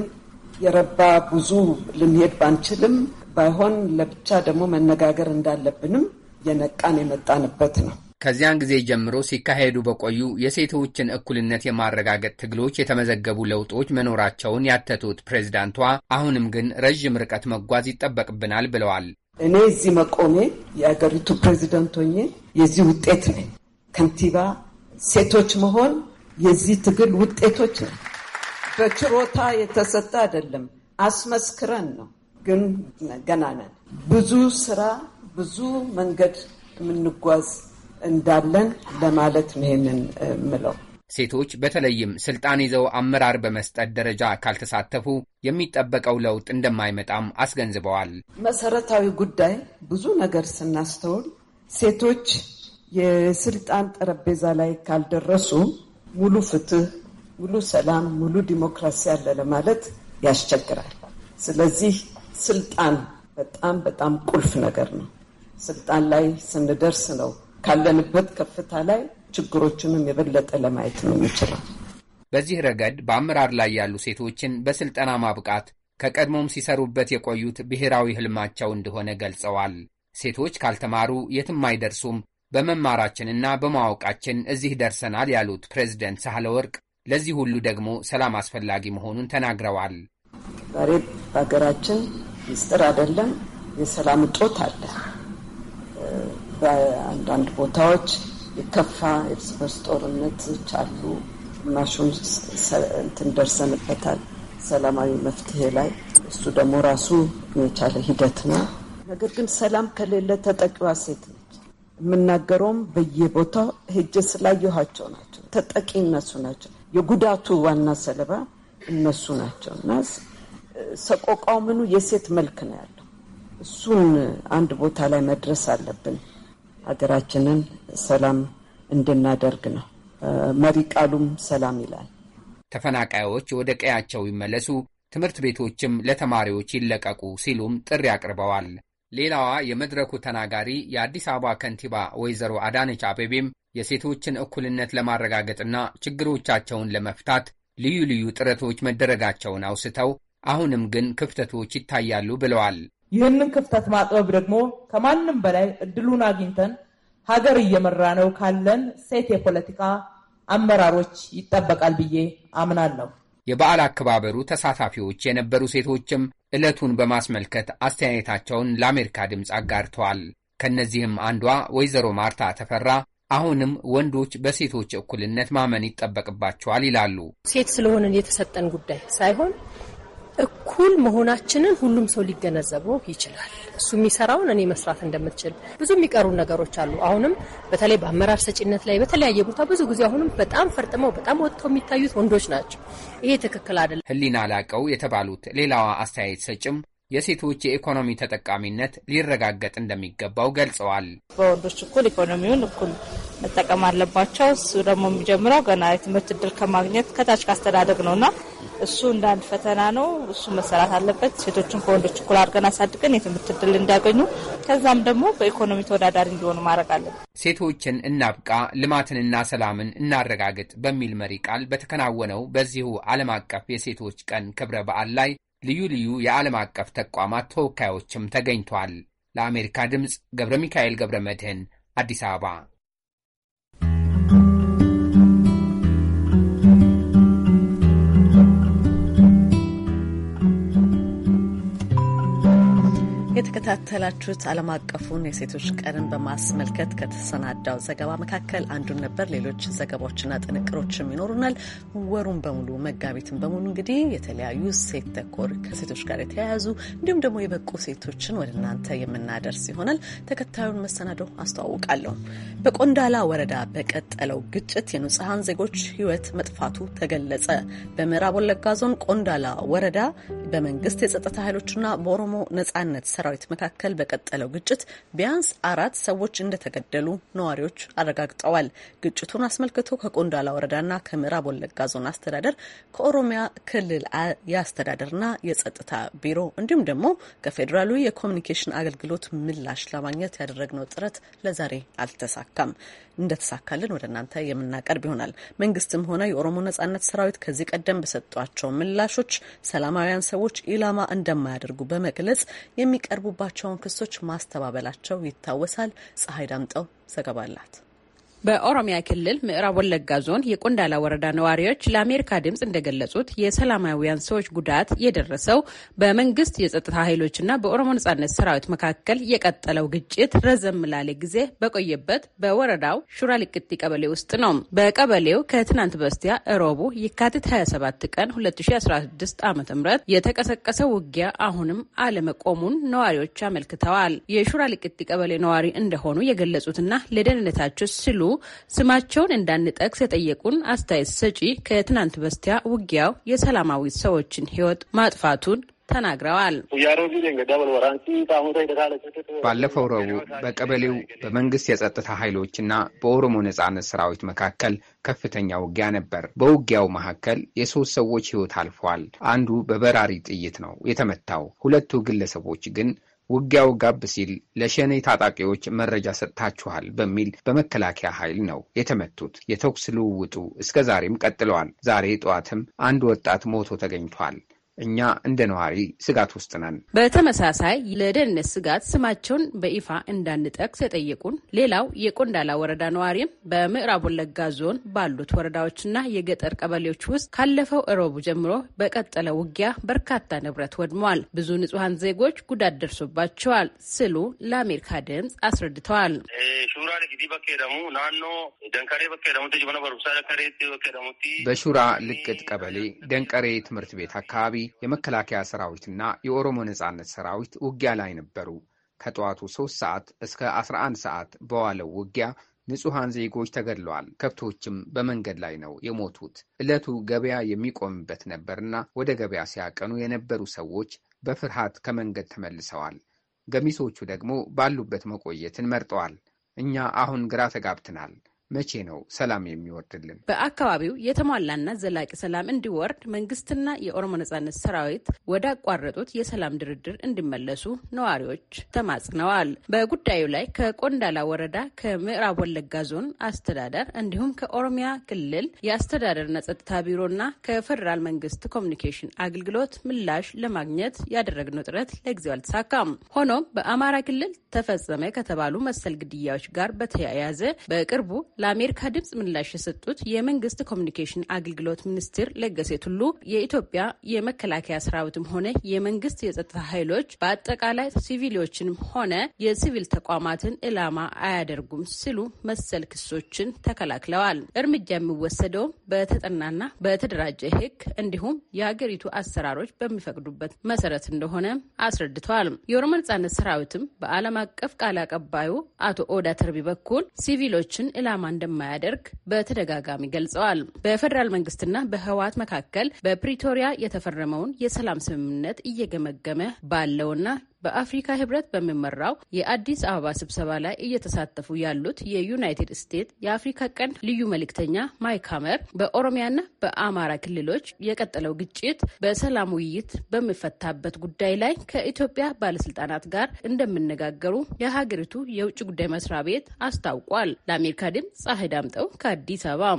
የረባ ብዙ ልንሄድ ባንችልም ባይሆን ለብቻ ደግሞ መነጋገር እንዳለብንም የነቃን የመጣንበት ነው። ከዚያን ጊዜ ጀምሮ ሲካሄዱ በቆዩ የሴቶችን እኩልነት የማረጋገጥ ትግሎች የተመዘገቡ ለውጦች መኖራቸውን ያተቱት ፕሬዚዳንቷ አሁንም ግን ረዥም ርቀት መጓዝ ይጠበቅብናል ብለዋል። እኔ እዚህ መቆሜ የአገሪቱ ፕሬዚደንት ሆኜ የዚህ ውጤት ነኝ። ከንቲባ ሴቶች መሆን የዚህ ትግል ውጤቶች ነው። በችሮታ የተሰጠ አይደለም፣ አስመስክረን ነው። ግን ገና ነን። ብዙ ስራ፣ ብዙ መንገድ የምንጓዝ እንዳለን ለማለት ነው ይሄንን ምለው። ሴቶች በተለይም ስልጣን ይዘው አመራር በመስጠት ደረጃ ካልተሳተፉ የሚጠበቀው ለውጥ እንደማይመጣም አስገንዝበዋል። መሰረታዊ ጉዳይ ብዙ ነገር ስናስተውል ሴቶች የስልጣን ጠረጴዛ ላይ ካልደረሱ ሙሉ ፍትህ፣ ሙሉ ሰላም፣ ሙሉ ዲሞክራሲ አለ ለማለት ያስቸግራል። ስለዚህ ስልጣን በጣም በጣም ቁልፍ ነገር ነው። ስልጣን ላይ ስንደርስ ነው ካለንበት ከፍታ ላይ ችግሮችንም የበለጠ ለማየት ነው የሚችለው። በዚህ ረገድ በአመራር ላይ ያሉ ሴቶችን በስልጠና ማብቃት ከቀድሞም ሲሰሩበት የቆዩት ብሔራዊ ህልማቸው እንደሆነ ገልጸዋል። ሴቶች ካልተማሩ የትም አይደርሱም፣ በመማራችንና በማወቃችን እዚህ ደርሰናል ያሉት ፕሬዚደንት ሳህለ ወርቅ ለዚህ ሁሉ ደግሞ ሰላም አስፈላጊ መሆኑን ተናግረዋል። ዛሬ በሀገራችን ምስጢር አይደለም፣ የሰላም እጦት አለ። በአንዳንድ ቦታዎች የከፋ የእርስ በርስ ጦርነቶች አሉ። ግማሹን እንትን ደርሰንበታል ሰላማዊ መፍትሄ ላይ። እሱ ደግሞ ራሱ የቻለ ሂደት ነው። ነገር ግን ሰላም ከሌለ ተጠቂዋ ሴት ነች። የምናገረውም በየቦታው ሄጄ ስላየኋቸው ናቸው። ተጠቂ እነሱ ናቸው። የጉዳቱ ዋና ሰለባ እነሱ ናቸው እና ሰቆቃው ምኑ የሴት መልክ ነው ያለው። እሱን አንድ ቦታ ላይ መድረስ አለብን። ሀገራችንን ሰላም እንድናደርግ ነው። መሪ ቃሉም ሰላም ይላል። ተፈናቃዮች ወደ ቀያቸው ይመለሱ፣ ትምህርት ቤቶችም ለተማሪዎች ይለቀቁ ሲሉም ጥሪ አቅርበዋል። ሌላዋ የመድረኩ ተናጋሪ የአዲስ አበባ ከንቲባ ወይዘሮ አዳነች አቤቤም የሴቶችን እኩልነት ለማረጋገጥና ችግሮቻቸውን ለመፍታት ልዩ ልዩ ጥረቶች መደረጋቸውን አውስተው አሁንም ግን ክፍተቶች ይታያሉ ብለዋል። ይህንን ክፍተት ማጥበብ ደግሞ ከማንም በላይ እድሉን አግኝተን ሀገር እየመራ ነው ካለን ሴት የፖለቲካ አመራሮች ይጠበቃል ብዬ አምናለሁ። የበዓል አከባበሩ ተሳታፊዎች የነበሩ ሴቶችም ዕለቱን በማስመልከት አስተያየታቸውን ለአሜሪካ ድምፅ አጋርተዋል። ከእነዚህም አንዷ ወይዘሮ ማርታ ተፈራ አሁንም ወንዶች በሴቶች እኩልነት ማመን ይጠበቅባቸዋል ይላሉ። ሴት ስለሆነን የተሰጠን ጉዳይ ሳይሆን እኩል መሆናችንን ሁሉም ሰው ሊገነዘበው ይችላል። እሱ የሚሰራውን እኔ መስራት እንደምትችል ብዙ የሚቀሩ ነገሮች አሉ። አሁንም በተለይ በአመራር ሰጪነት ላይ በተለያየ ቦታ ብዙ ጊዜ አሁንም በጣም ፈርጥመው በጣም ወጥተው የሚታዩት ወንዶች ናቸው። ይሄ ትክክል አይደለም። ህሊና ላቀው የተባሉት ሌላዋ አስተያየት ሰጭም የሴቶች የኢኮኖሚ ተጠቃሚነት ሊረጋገጥ እንደሚገባው ገልጸዋል። በወንዶች እኩል ኢኮኖሚውን እኩል መጠቀም አለባቸው። እሱ ደግሞ የሚጀምረው ገና የትምህርት እድል ከማግኘት ከታች ካስተዳደግ እና እሱ እንደ አንድ ፈተና ነው። እሱ መሰራት አለበት። ሴቶችን ከወንዶች እኩል አድርገን አሳድገን የትምህርት እድል እንዲያገኙ ከዛም ደግሞ በኢኮኖሚ ተወዳዳሪ እንዲሆኑ ማድረግ አለበት። ሴቶችን እናብቃ፣ ልማትንና ሰላምን እናረጋግጥ በሚል መሪ ቃል በተከናወነው በዚሁ ዓለም አቀፍ የሴቶች ቀን ክብረ በዓል ላይ ልዩ ልዩ የዓለም አቀፍ ተቋማት ተወካዮችም ተገኝቷል። ለአሜሪካ ድምፅ ገብረ ሚካኤል ገብረ መድህን አዲስ አበባ የተከታተላችሁት ዓለም አቀፉን የሴቶች ቀንን በማስመልከት ከተሰናዳው ዘገባ መካከል አንዱን ነበር። ሌሎች ዘገባዎችና ጥንቅሮችም ይኖሩናል። ወሩን በሙሉ መጋቢትን በሙሉ እንግዲህ የተለያዩ ሴት ተኮር ከሴቶች ጋር የተያያዙ እንዲሁም ደግሞ የበቁ ሴቶችን ወደ እናንተ የምናደርስ ይሆናል። ተከታዩን መሰናዶ አስተዋውቃለሁ። በቆንዳላ ወረዳ በቀጠለው ግጭት የንጹሐን ዜጎች ሕይወት መጥፋቱ ተገለጸ። በምዕራብ ወለጋ ዞን ቆንዳላ ወረዳ በመንግስት የጸጥታ ኃይሎችና በኦሮሞ ነጻነት ሰራ ነዋሪት መካከል በቀጠለው ግጭት ቢያንስ አራት ሰዎች እንደተገደሉ ነዋሪዎች አረጋግጠዋል። ግጭቱን አስመልክቶ ከቆንዳላ ወረዳና ከምዕራብ ወለጋ ዞን አስተዳደር ከኦሮሚያ ክልል የአስተዳደርና የጸጥታ ቢሮ እንዲሁም ደግሞ ከፌዴራሉ የኮሚኒኬሽን አገልግሎት ምላሽ ለማግኘት ያደረግነው ጥረት ለዛሬ አልተሳካም። እንደተሳካልን ወደ እናንተ የምናቀርብ ይሆናል። መንግስትም ሆነ የኦሮሞ ነጻነት ሰራዊት ከዚህ ቀደም በሰጧቸው ምላሾች ሰላማውያን ሰዎች ኢላማ እንደማያደርጉ በመግለጽ የሚቀ የሚቀርቡባቸውን ክሶች ማስተባበላቸው ይታወሳል። ፀሐይ ዳምጠው ዘገባ አላት። በኦሮሚያ ክልል ምዕራብ ወለጋ ዞን የቆንዳላ ወረዳ ነዋሪዎች ለአሜሪካ ድምፅ እንደገለጹት የሰላማዊያን ሰዎች ጉዳት የደረሰው በመንግስት የጸጥታ ኃይሎችና በኦሮሞ ነጻነት ሰራዊት መካከል የቀጠለው ግጭት ረዘም ላለ ጊዜ በቆየበት በወረዳው ሹራልቅቲ ቀበሌ ውስጥ ነው። በቀበሌው ከትናንት በስቲያ እሮቡ የካቲት 27 ቀን 2016 ዓ ም የተቀሰቀሰው ውጊያ አሁንም አለመቆሙን ነዋሪዎች አመልክተዋል። የሹራልቅቲ ቀበሌ ነዋሪ እንደሆኑ የገለጹትና ለደህንነታቸው ሲሉ ስማቸውን እንዳንጠቅስ የጠየቁን አስተያየት ሰጪ ከትናንት በስቲያ ውጊያው የሰላማዊ ሰዎችን ሕይወት ማጥፋቱን ተናግረዋል። ባለፈው ረቡዕ በቀበሌው በመንግስት የጸጥታ ኃይሎችና በኦሮሞ ነጻነት ሰራዊት መካከል ከፍተኛ ውጊያ ነበር። በውጊያው መካከል የሶስት ሰዎች ሕይወት አልፏል። አንዱ በበራሪ ጥይት ነው የተመታው። ሁለቱ ግለሰቦች ግን ውጊያው ጋብ ሲል ለሸኔ ታጣቂዎች መረጃ ሰጥታችኋል በሚል በመከላከያ ኃይል ነው የተመቱት። የተኩስ ልውውጡ እስከ ዛሬም ቀጥለዋል። ዛሬ ጠዋትም አንድ ወጣት ሞቶ ተገኝቷል። እኛ እንደ ነዋሪ ስጋት ውስጥ ነን። በተመሳሳይ ለደህንነት ስጋት ስማቸውን በይፋ እንዳንጠቅስ የጠየቁን ሌላው የቆንዳላ ወረዳ ነዋሪም በምዕራብ ወለጋ ዞን ባሉት ወረዳዎችና የገጠር ቀበሌዎች ውስጥ ካለፈው እሮቡ ጀምሮ በቀጠለ ውጊያ በርካታ ንብረት ወድመዋል፣ ብዙ ንጹሐን ዜጎች ጉዳት ደርሶባቸዋል ስሉ ለአሜሪካ ድምፅ አስረድተዋል። በሹራ ልቅት ቀበሌ ደንቀሬ ትምህርት ቤት አካባቢ የመከላከያ ሰራዊትና የኦሮሞ ነጻነት ሰራዊት ውጊያ ላይ ነበሩ። ከጠዋቱ 3 ሰዓት እስከ 11 ሰዓት በዋለው ውጊያ ንጹሐን ዜጎች ተገድለዋል። ከብቶችም በመንገድ ላይ ነው የሞቱት። ዕለቱ ገበያ የሚቆምበት ነበርና ወደ ገበያ ሲያቀኑ የነበሩ ሰዎች በፍርሃት ከመንገድ ተመልሰዋል። ገሚሶቹ ደግሞ ባሉበት መቆየትን መርጠዋል። እኛ አሁን ግራ ተጋብተናል። መቼ ነው ሰላም የሚወርድልን? በአካባቢው የተሟላና ዘላቂ ሰላም እንዲወርድ መንግስትና የኦሮሞ ነጻነት ሰራዊት ወዳቋረጡት የሰላም ድርድር እንዲመለሱ ነዋሪዎች ተማጽነዋል። በጉዳዩ ላይ ከቆንዳላ ወረዳ፣ ከምዕራብ ወለጋ ዞን አስተዳደር እንዲሁም ከኦሮሚያ ክልል የአስተዳደርና ጸጥታ ቢሮና ከፌዴራል መንግስት ኮሚኒኬሽን አገልግሎት ምላሽ ለማግኘት ያደረግነው ጥረት ለጊዜው አልተሳካም። ሆኖም በአማራ ክልል ተፈጸመ ከተባሉ መሰል ግድያዎች ጋር በተያያዘ በቅርቡ ለአሜሪካ ድምፅ ምላሽ የሰጡት የመንግስት ኮሚኒኬሽን አገልግሎት ሚኒስትር ለገሴ ቱሉ የኢትዮጵያ የመከላከያ ሰራዊትም ሆነ የመንግስት የጸጥታ ኃይሎች በአጠቃላይ ሲቪሎችንም ሆነ የሲቪል ተቋማትን ዕላማ አያደርጉም ሲሉ መሰል ክሶችን ተከላክለዋል። እርምጃ የሚወሰደውም በተጠናና በተደራጀ ህግ እንዲሁም የሀገሪቱ አሰራሮች በሚፈቅዱበት መሰረት እንደሆነ አስረድተዋል። የኦሮሞ ነጻነት ሰራዊትም በዓለም አቀፍ ቃል አቀባዩ አቶ ኦዳ ተርቢ በኩል ሲቪሎችን ዕላማ እንደማያደርግ በተደጋጋሚ ገልጸዋል። በፌዴራል መንግስትና በህወሓት መካከል በፕሪቶሪያ የተፈረመውን የሰላም ስምምነት እየገመገመ ባለውና በአፍሪካ ህብረት በሚመራው የአዲስ አበባ ስብሰባ ላይ እየተሳተፉ ያሉት የዩናይትድ ስቴትስ የአፍሪካ ቀንድ ልዩ መልእክተኛ ማይክ ሀመር በኦሮሚያና በአማራ ክልሎች የቀጠለው ግጭት በሰላም ውይይት በሚፈታበት ጉዳይ ላይ ከኢትዮጵያ ባለስልጣናት ጋር እንደሚነጋገሩ የሀገሪቱ የውጭ ጉዳይ መስሪያ ቤት አስታውቋል። ለአሜሪካ ድምፅ ፀሐይ ዳምጠው ከአዲስ አበባ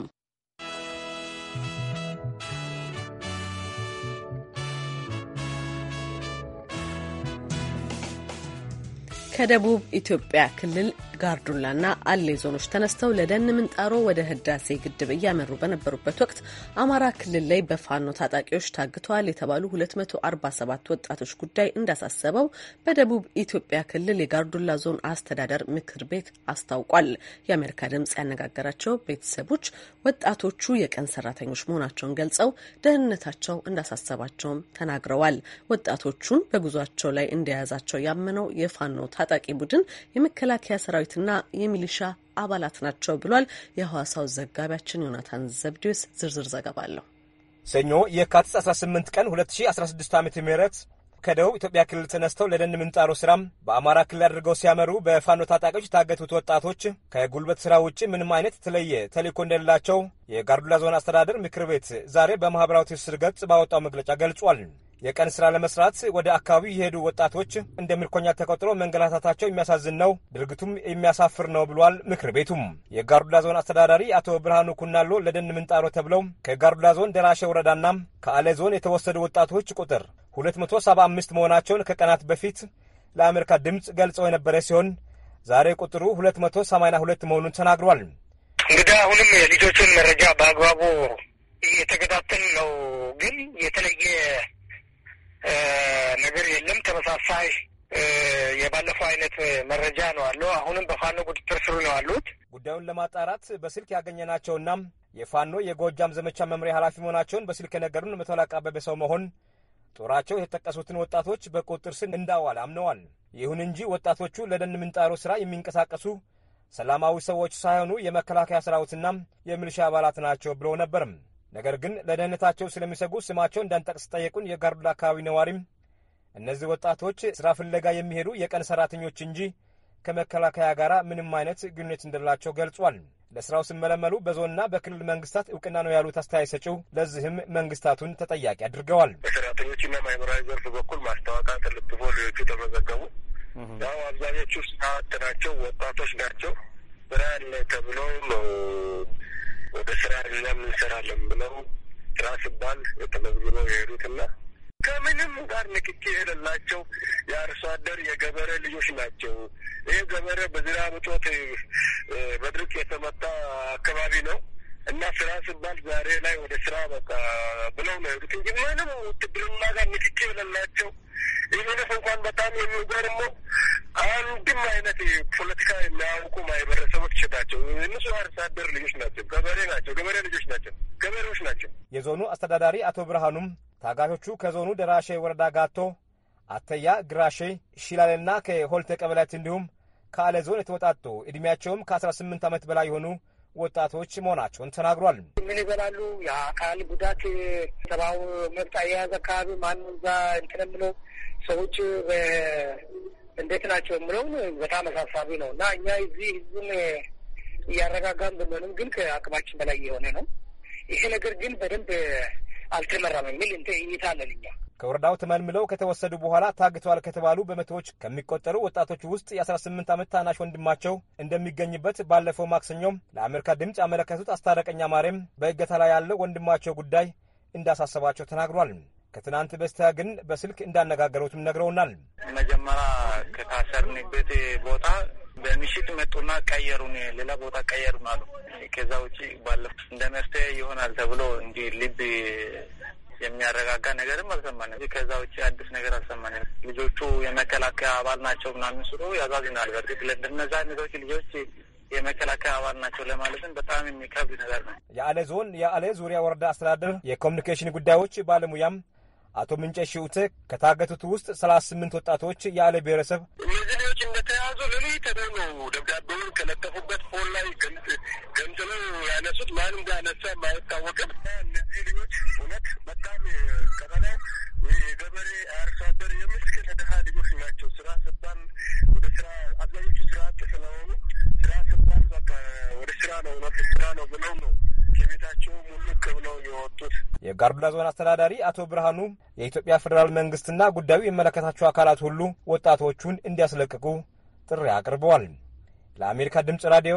ከደቡብ ኢትዮጵያ ክልል ጋርዱላና አሌ ዞኖች ተነስተው ለደን ምንጣሮ ወደ ህዳሴ ግድብ እያመሩ በነበሩበት ወቅት አማራ ክልል ላይ በፋኖ ታጣቂዎች ታግተዋል የተባሉ 247 ወጣቶች ጉዳይ እንዳሳሰበው በደቡብ ኢትዮጵያ ክልል የጋርዱላ ዞን አስተዳደር ምክር ቤት አስታውቋል። የአሜሪካ ድምጽ ያነጋገራቸው ቤተሰቦች ወጣቶቹ የቀን ሰራተኞች መሆናቸውን ገልጸው ደህንነታቸው እንዳሳሰባቸውም ተናግረዋል። ወጣቶቹን በጉዟቸው ላይ እንደያዛቸው ያመነው የፋኖ ታጣቂ ቡድን የመከላከያ ሰራዊትና የሚሊሻ አባላት ናቸው ብሏል። የሐዋሳው ዘጋቢያችን ዮናታን ዘብዴዎስ ዝርዝር ዘገባ አለው። ሰኞ የካቲት 18 ቀን 2016 ዓ ም ከደቡብ ኢትዮጵያ ክልል ተነስተው ለደን ምንጣሮ ስራም በአማራ ክልል አድርገው ሲያመሩ በፋኖ ታጣቂዎች የታገቱት ወጣቶች ከጉልበት ስራ ውጭ ምንም አይነት የተለየ ተልዕኮ እንደሌላቸው የጋርዱላ ዞን አስተዳደር ምክር ቤት ዛሬ በማኅበራዊ ትስስር ገጽ ባወጣው መግለጫ ገልጿል። የቀን ስራ ለመስራት ወደ አካባቢው የሄዱ ወጣቶች እንደ ምርኮኛ ተቆጥሮ መንገላታታቸው የሚያሳዝን ነው፣ ድርጊቱም የሚያሳፍር ነው ብሏል። ምክር ቤቱም የጋሩላ ዞን አስተዳዳሪ አቶ ብርሃኑ ኩናሎ ለደን ምንጣሮ ተብለው ከጋሩላ ዞን ደራሸ ወረዳና ከአለ ዞን የተወሰዱ ወጣቶች ቁጥር 275 መሆናቸውን ከቀናት በፊት ለአሜሪካ ድምፅ ገልጸው የነበረ ሲሆን ዛሬ ቁጥሩ 282 መሆኑን ተናግሯል። እንግዲህ አሁንም የልጆቹን መረጃ በአግባቡ እየተከታተል ነው፣ ግን የተለየ ነገር የለም። ተመሳሳይ የባለፈው አይነት መረጃ ነው አለው። አሁንም በፋኖ ቁጥጥር ስር ነው ያሉት። ጉዳዩን ለማጣራት በስልክ ያገኘናቸውና የፋኖ የጎጃም ዘመቻ መምሪያ ኃላፊ መሆናቸውን በስልክ የነገሩን መቶ አለቃ ሰው መሆን ጦራቸው የተጠቀሱትን ወጣቶች በቁጥጥር ስር እንዳዋል አምነዋል። ይሁን እንጂ ወጣቶቹ ለደን ምንጣሮ ስራ የሚንቀሳቀሱ ሰላማዊ ሰዎች ሳይሆኑ የመከላከያ ሰራዊትና የሚሊሻ አባላት ናቸው ብሎ ነበርም። ነገር ግን ለደህንነታቸው ስለሚሰጉ ስማቸው እንዳንጠቅስ ጠየቁን የጋርዱላ አካባቢ ነዋሪም እነዚህ ወጣቶች ስራ ፍለጋ የሚሄዱ የቀን ሰራተኞች እንጂ ከመከላከያ ጋር ምንም አይነት ግንኙነት እንደሌላቸው ገልጿል። ለስራው ሲመለመሉ በዞንና በክልል መንግስታት እውቅና ነው ያሉት አስተያየት ሰጪው፣ ለዚህም መንግስታቱን ተጠያቂ አድርገዋል። በሰራተኞችና ማህበራዊ ዘርፍ በኩል ማስታወቂያ ተለጥፎ ሌሎቹ ተመዘገቡ። ያው አብዛኞቹ ስራ አጥ ናቸው፣ ወጣቶች ናቸው። ስራ አለ ተብሎ ነው ወደ ስራ እኛም እንሰራለን ብለው ስራ ሲባል ተመዝግበው የሄዱትና ከምንም ጋር ንክኪ የሌላቸው የአርሶ አደር የገበሬ ልጆች ናቸው። ይህ ገበሬ በዝናብ እጦት በድርቅ የተመታ አካባቢ ነው እና ስራ ሲባል ዛሬ ላይ ወደ ስራ በቃ ብለው ነው የሄዱት እንጂ ምንም ውትድርና ጋር ንክኪ የሌላቸው ይህንስ እንኳን በጣም የሚገርመው አንድም አይነት ፖለቲካ የሚያውቁ ማህበረሰቦች ናቸው። እነሱ አርሶ አደር ልጆች ናቸው፣ ገበሬ ናቸው፣ ገበሬ ልጆች ናቸው፣ ገበሬዎች ናቸው። የዞኑ አስተዳዳሪ አቶ ብርሃኑም ታጋቾቹ ከዞኑ ደራሼ ወረዳ ጋቶ፣ አተያ፣ ግራሼ፣ ሺላለና ከሆልተ ቀበሌያት እንዲሁም ከአለ ዞን የተወጣጡ ዕድሜያቸውም ከአስራ ስምንት ዓመት በላይ የሆኑ ወጣቶች መሆናቸውን ተናግሯል። ምን ይበላሉ? የአካል ጉዳት ሰብአዊ መብት አያያዝ አካባቢ ማን እዛ እንትን የምለው ሰዎች እንዴት ናቸው የምለውን በጣም አሳሳቢ ነው እና እኛ እዚህ ህዝቡን እያረጋጋን ብንሆንም ግን ከአቅማችን በላይ የሆነ ነው ይሄ ነገር ግን በደንብ አልተመራም የሚል እይታ አለን እኛ። ከወረዳው ተመልምለው ከተወሰዱ በኋላ ታግተዋል ከተባሉ በመቶዎች ከሚቆጠሩ ወጣቶች ውስጥ የ18 ዓመት ታናሽ ወንድማቸው እንደሚገኝበት ባለፈው ማክሰኞም ለአሜሪካ ድምፅ ያመለከቱት አስታረቀኛ ማርያም በእገታ ላይ ያለው ወንድማቸው ጉዳይ እንዳሳሰባቸው ተናግሯል። ከትናንት በስቲያ ግን በስልክ እንዳነጋገሩትም ነግረውናል። መጀመሪያ ከታሰርንበት ቦታ በምሽት መጡና ቀየሩን፣ ሌላ ቦታ ቀየሩን አሉ። ከዛ ውጭ ባለ እንደ መፍትሄ ይሆናል ተብሎ እንዲህ ልብ የሚያረጋጋ ነገርም አልሰማንም። ከዛ ውጭ አዲስ ነገር አልሰማንም። ልጆቹ የመከላከያ አባል ናቸው ምናምን ስሉ ያዛዝናል። በእርግጥ ለእነዛ ነገሮች ልጆች የመከላከያ አባል ናቸው ለማለትም በጣም የሚከብድ ነገር ነው። የአሌ ዞን የአሌ ዙሪያ ወረዳ አስተዳደር የኮሚኒኬሽን ጉዳዮች ባለሙያም አቶ ምንጨ ሽውተ ከታገቱት ውስጥ ሰላሳ ስምንት ወጣቶች የአለ ብሔረሰብ ሰዎች እንደተያዙ ሌሊት ነው ደብዳቤውን ከለጠፉበት ፎን ላይ ገምጥለው ያነሱት። ማን እንዳነሳ አይታወቅም። የጋርዱላ ዞን አስተዳዳሪ አቶ ብርሃኑ የኢትዮጵያ ፌዴራል መንግስትና ጉዳዩ የሚመለከታቸው አካላት ሁሉ ወጣቶቹን እንዲያስለቅቁ ጥሪ አቅርበዋል። ለአሜሪካ ድምፅ ራዲዮ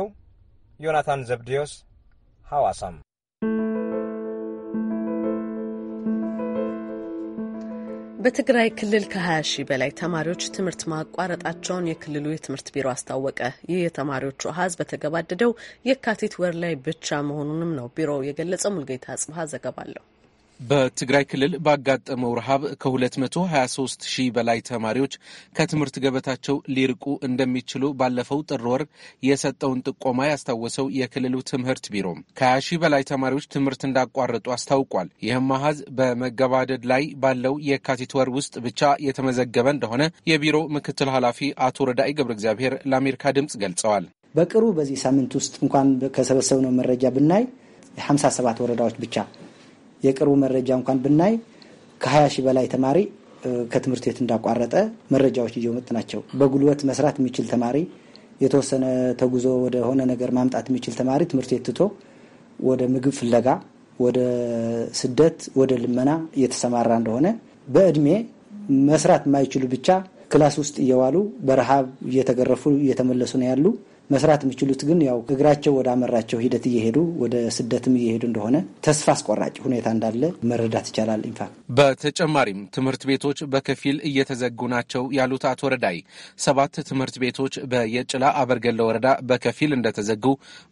ዮናታን ዘብዴዎስ ሐዋሳም። በትግራይ ክልል ከ20 ሺህ በላይ ተማሪዎች ትምህርት ማቋረጣቸውን የክልሉ የትምህርት ቢሮ አስታወቀ። ይህ የተማሪዎቹ አሀዝ በተገባደደው የካቲት ወር ላይ ብቻ መሆኑንም ነው ቢሮው የገለጸው። ሙልጌታ አጽብሃ ዘገባለሁ። አለው። በትግራይ ክልል ባጋጠመው ረሃብ ከ223 ሺህ በላይ ተማሪዎች ከትምህርት ገበታቸው ሊርቁ እንደሚችሉ ባለፈው ጥር ወር የሰጠውን ጥቆማ ያስታወሰው የክልሉ ትምህርት ቢሮ ከ20 ሺህ በላይ ተማሪዎች ትምህርት እንዳቋረጡ አስታውቋል። ይህም አሃዝ በመገባደድ ላይ ባለው የካቲት ወር ውስጥ ብቻ የተመዘገበ እንደሆነ የቢሮ ምክትል ኃላፊ አቶ ረዳኢ ገብረ እግዚአብሔር ለአሜሪካ ድምፅ ገልጸዋል። በቅርቡ በዚህ ሳምንት ውስጥ እንኳን ከሰበሰብነው መረጃ ብናይ 57 ወረዳዎች ብቻ የቅርቡ መረጃ እንኳን ብናይ ከ20 ሺህ በላይ ተማሪ ከትምህርት ቤት እንዳቋረጠ መረጃዎች እየመጡ ናቸው። በጉልበት መስራት የሚችል ተማሪ፣ የተወሰነ ተጉዞ ሆነ ነገር ማምጣት የሚችል ተማሪ ትምህርት ቤት ትቶ ወደ ምግብ ፍለጋ፣ ወደ ስደት፣ ወደ ልመና እየተሰማራ እንደሆነ በእድሜ መስራት የማይችሉ ብቻ ክላስ ውስጥ እየዋሉ በረሃብ እየተገረፉ እየተመለሱ ነው ያሉ መስራት የሚችሉት ግን ያው እግራቸው ወደ አመራቸው ሂደት እየሄዱ ወደ ስደትም እየሄዱ እንደሆነ ተስፋ አስቆራጭ ሁኔታ እንዳለ መረዳት ይቻላል። ኢንፋክት በተጨማሪም ትምህርት ቤቶች በከፊል እየተዘጉ ናቸው ያሉት አቶ ረዳይ ሰባት ትምህርት ቤቶች በየጭላ አበርገለ ወረዳ በከፊል እንደተዘጉ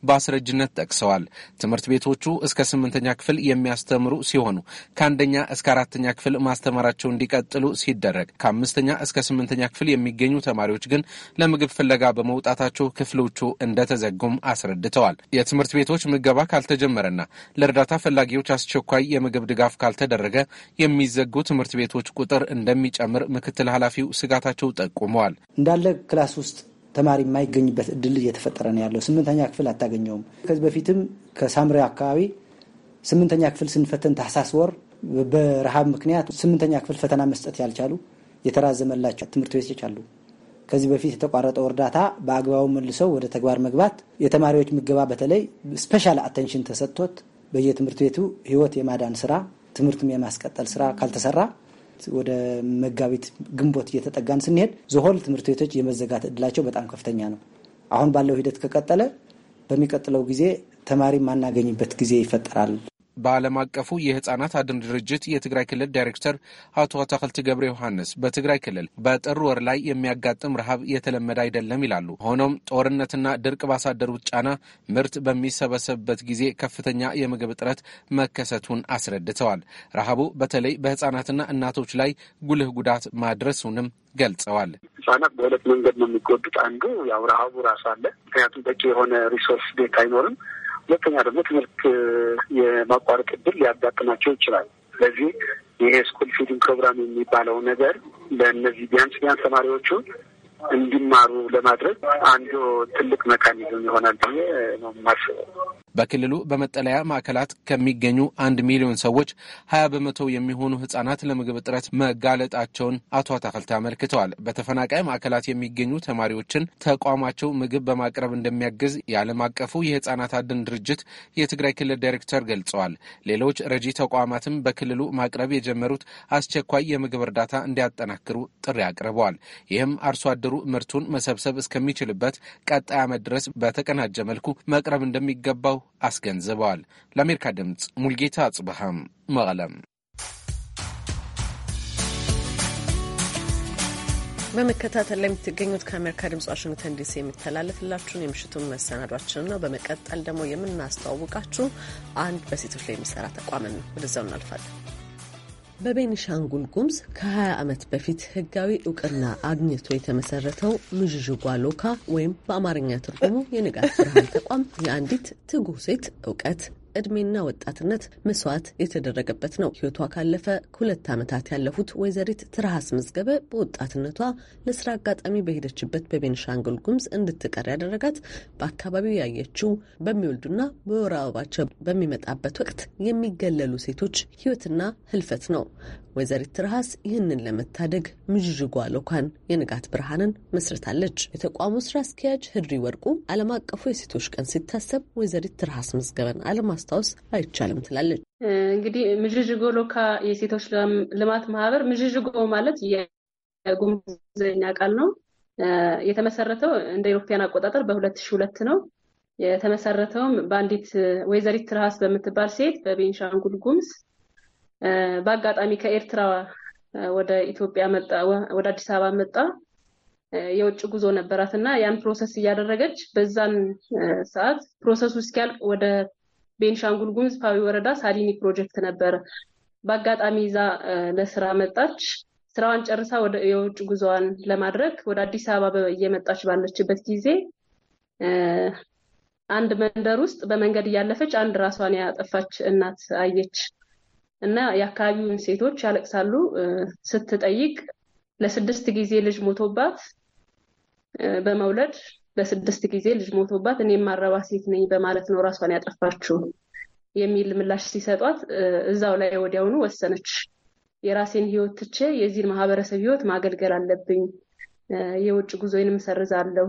በአስረጅነት ጠቅሰዋል። ትምህርት ቤቶቹ እስከ ስምንተኛ ክፍል የሚያስተምሩ ሲሆኑ ከአንደኛ እስከ አራተኛ ክፍል ማስተማራቸው እንዲቀጥሉ ሲደረግ ከአምስተኛ እስከ ስምንተኛ ክፍል የሚገኙ ተማሪዎች ግን ለምግብ ፍለጋ በመውጣታቸው ክፍሉ ክፍሎቹ እንደተዘጉም አስረድተዋል። የትምህርት ቤቶች ምገባ ካልተጀመረና ለእርዳታ ፈላጊዎች አስቸኳይ የምግብ ድጋፍ ካልተደረገ የሚዘጉ ትምህርት ቤቶች ቁጥር እንደሚጨምር ምክትል ኃላፊው ስጋታቸው ጠቁመዋል። እንዳለ ክላስ ውስጥ ተማሪ የማይገኝበት እድል እየተፈጠረ ነው ያለው። ስምንተኛ ክፍል አታገኘውም። ከዚህ በፊትም ከሳምሪ አካባቢ ስምንተኛ ክፍል ስንፈተን ታህሳስ ወር በረሃብ ምክንያት ስምንተኛ ክፍል ፈተና መስጠት ያልቻሉ የተራዘመላቸው ትምህርት ቤቶች አሉ። ከዚህ በፊት የተቋረጠው እርዳታ በአግባቡ መልሰው ወደ ተግባር መግባት፣ የተማሪዎች ምገባ በተለይ ስፔሻል አቴንሽን ተሰጥቶት በየትምህርት ቤቱ ህይወት የማዳን ስራ፣ ትምህርትም የማስቀጠል ስራ ካልተሰራ ወደ መጋቢት ግንቦት እየተጠጋን ስንሄድ ዘሆል ትምህርት ቤቶች የመዘጋት እድላቸው በጣም ከፍተኛ ነው። አሁን ባለው ሂደት ከቀጠለ በሚቀጥለው ጊዜ ተማሪ ማናገኝበት ጊዜ ይፈጠራል። በዓለም አቀፉ የህጻናት አድን ድርጅት የትግራይ ክልል ዳይሬክተር አቶ አታክልቲ ገብረ ዮሐንስ በትግራይ ክልል በጥር ወር ላይ የሚያጋጥም ረሃብ የተለመደ አይደለም ይላሉ። ሆኖም ጦርነትና ድርቅ ባሳደሩት ጫና ምርት በሚሰበሰብበት ጊዜ ከፍተኛ የምግብ እጥረት መከሰቱን አስረድተዋል። ረሃቡ በተለይ በህጻናትና እናቶች ላይ ጉልህ ጉዳት ማድረሱንም ገልጸዋል። ህጻናት በሁለት መንገድ ነው የሚጎዱት። አንዱ ያው ረሃቡ ራሱ አለ። ምክንያቱም በቂ የሆነ ሪሶርስ ቤት አይኖርም። ሁለተኛ ደግሞ ትምህርት የማቋረጥ እድል ሊያጋጥማቸው ይችላል። ስለዚህ ይሄ ስኩል ፊዲንግ ፕሮግራም የሚባለው ነገር ለእነዚህ ቢያንስ ቢያንስ ተማሪዎቹ እንዲማሩ ለማድረግ አንዱ ትልቅ መካኒዝም ይሆናል ብዬ ነው የማስበው። በክልሉ በመጠለያ ማዕከላት ከሚገኙ አንድ ሚሊዮን ሰዎች ሀያ በመቶ የሚሆኑ ህጻናት ለምግብ እጥረት መጋለጣቸውን አቶ አታክልት አመልክተዋል። በተፈናቃይ ማዕከላት የሚገኙ ተማሪዎችን ተቋማቸው ምግብ በማቅረብ እንደሚያግዝ የዓለም አቀፉ የህጻናት አድን ድርጅት የትግራይ ክልል ዳይሬክተር ገልጸዋል። ሌሎች ረጂ ተቋማትም በክልሉ ማቅረብ የጀመሩት አስቸኳይ የምግብ እርዳታ እንዲያጠናክሩ ጥሪ አቅርበዋል። ይህም አርሶ አደሩ ምርቱን መሰብሰብ እስከሚችልበት ቀጣይ ዓመት ድረስ በተቀናጀ መልኩ መቅረብ እንደሚገባው አስገንዝበዋል። ለአሜሪካ ድምፅ ሙልጌታ አጽብሃም መቀለም። በመከታተል ላይ የምትገኙት ከአሜሪካ ድምጽ ዋሽንግተን ዲሲ የሚተላለፍላችሁን የምሽቱን መሰናዷችን ነው። በመቀጠል ደግሞ የምናስተዋውቃችሁ አንድ በሴቶች ላይ የሚሰራ ተቋምን ነው። ወደዛው እናልፋለን። በቤኒሻንጉል ጉምዝ ከ20 ዓመት በፊት ህጋዊ እውቅና አግኝቶ የተመሰረተው ምዥዥጓ ሎካ ወይም በአማርኛ ትርጉሙ የንጋት ብርሃን ተቋም የአንዲት ትጉህ ሴት እውቀት እድሜና ወጣትነት መስዋዕት የተደረገበት ነው። ህይወቷ ካለፈ ሁለት ዓመታት ያለፉት ወይዘሪት ትርሃስ መዝገበ በወጣትነቷ ለስራ አጋጣሚ በሄደችበት በቤንሻንጉል ጉምዝ እንድትቀር ያደረጋት በአካባቢው ያየችው በሚወልዱና በወር አበባቸው በሚመጣበት ወቅት የሚገለሉ ሴቶች ህይወትና ህልፈት ነው። ወይዘሪት ትርሃስ ይህንን ለመታደግ ምዥጓ ልዑካን የንጋት ብርሃንን መስርታለች። የተቋሙ ስራ አስኪያጅ ህድሪ ወርቁ ዓለም አቀፉ የሴቶች ቀን ሲታሰብ ወይዘሪት ትርሃስ መዝገበን አለማስታወስ አይቻልም ትላለች። እንግዲህ ምዥዥጎ ሎካ የሴቶች ልማት ማህበር ምዥጎ ማለት የጉምዘኛ ቃል ነው። የተመሰረተው እንደ ኢሮፓያን አቆጣጠር በሁለት ሺህ ሁለት ነው። የተመሰረተውም በአንዲት ወይዘሪት ትርሃስ በምትባል ሴት በቤንሻንጉል ጉምዝ በአጋጣሚ ከኤርትራ ወደ ኢትዮጵያ መጣ፣ ወደ አዲስ አበባ መጣ። የውጭ ጉዞ ነበራት እና ያን ፕሮሰስ እያደረገች በዛን ሰዓት ፕሮሰሱ እስኪያልቅ ወደ ቤንሻንጉል ጉምዝ ፓዊ ወረዳ ሳሊኒ ፕሮጀክት ነበረ። በአጋጣሚ ይዛ ለስራ መጣች። ስራዋን ጨርሳ ወደ የውጭ ጉዞዋን ለማድረግ ወደ አዲስ አበባ እየመጣች ባለችበት ጊዜ አንድ መንደር ውስጥ በመንገድ እያለፈች አንድ ራሷን ያጠፋች እናት አየች። እና የአካባቢውን ሴቶች ያለቅሳሉ። ስትጠይቅ ለስድስት ጊዜ ልጅ ሞቶባት በመውለድ ለስድስት ጊዜ ልጅ ሞቶባት እኔ የማረባ ሴት ነኝ በማለት ነው ራሷን ያጠፋችው የሚል ምላሽ ሲሰጧት እዛው ላይ ወዲያውኑ ወሰነች። የራሴን ህይወት ትቼ የዚህን ማህበረሰብ ህይወት ማገልገል አለብኝ፣ የውጭ ጉዞዬን እሰርዛለሁ፣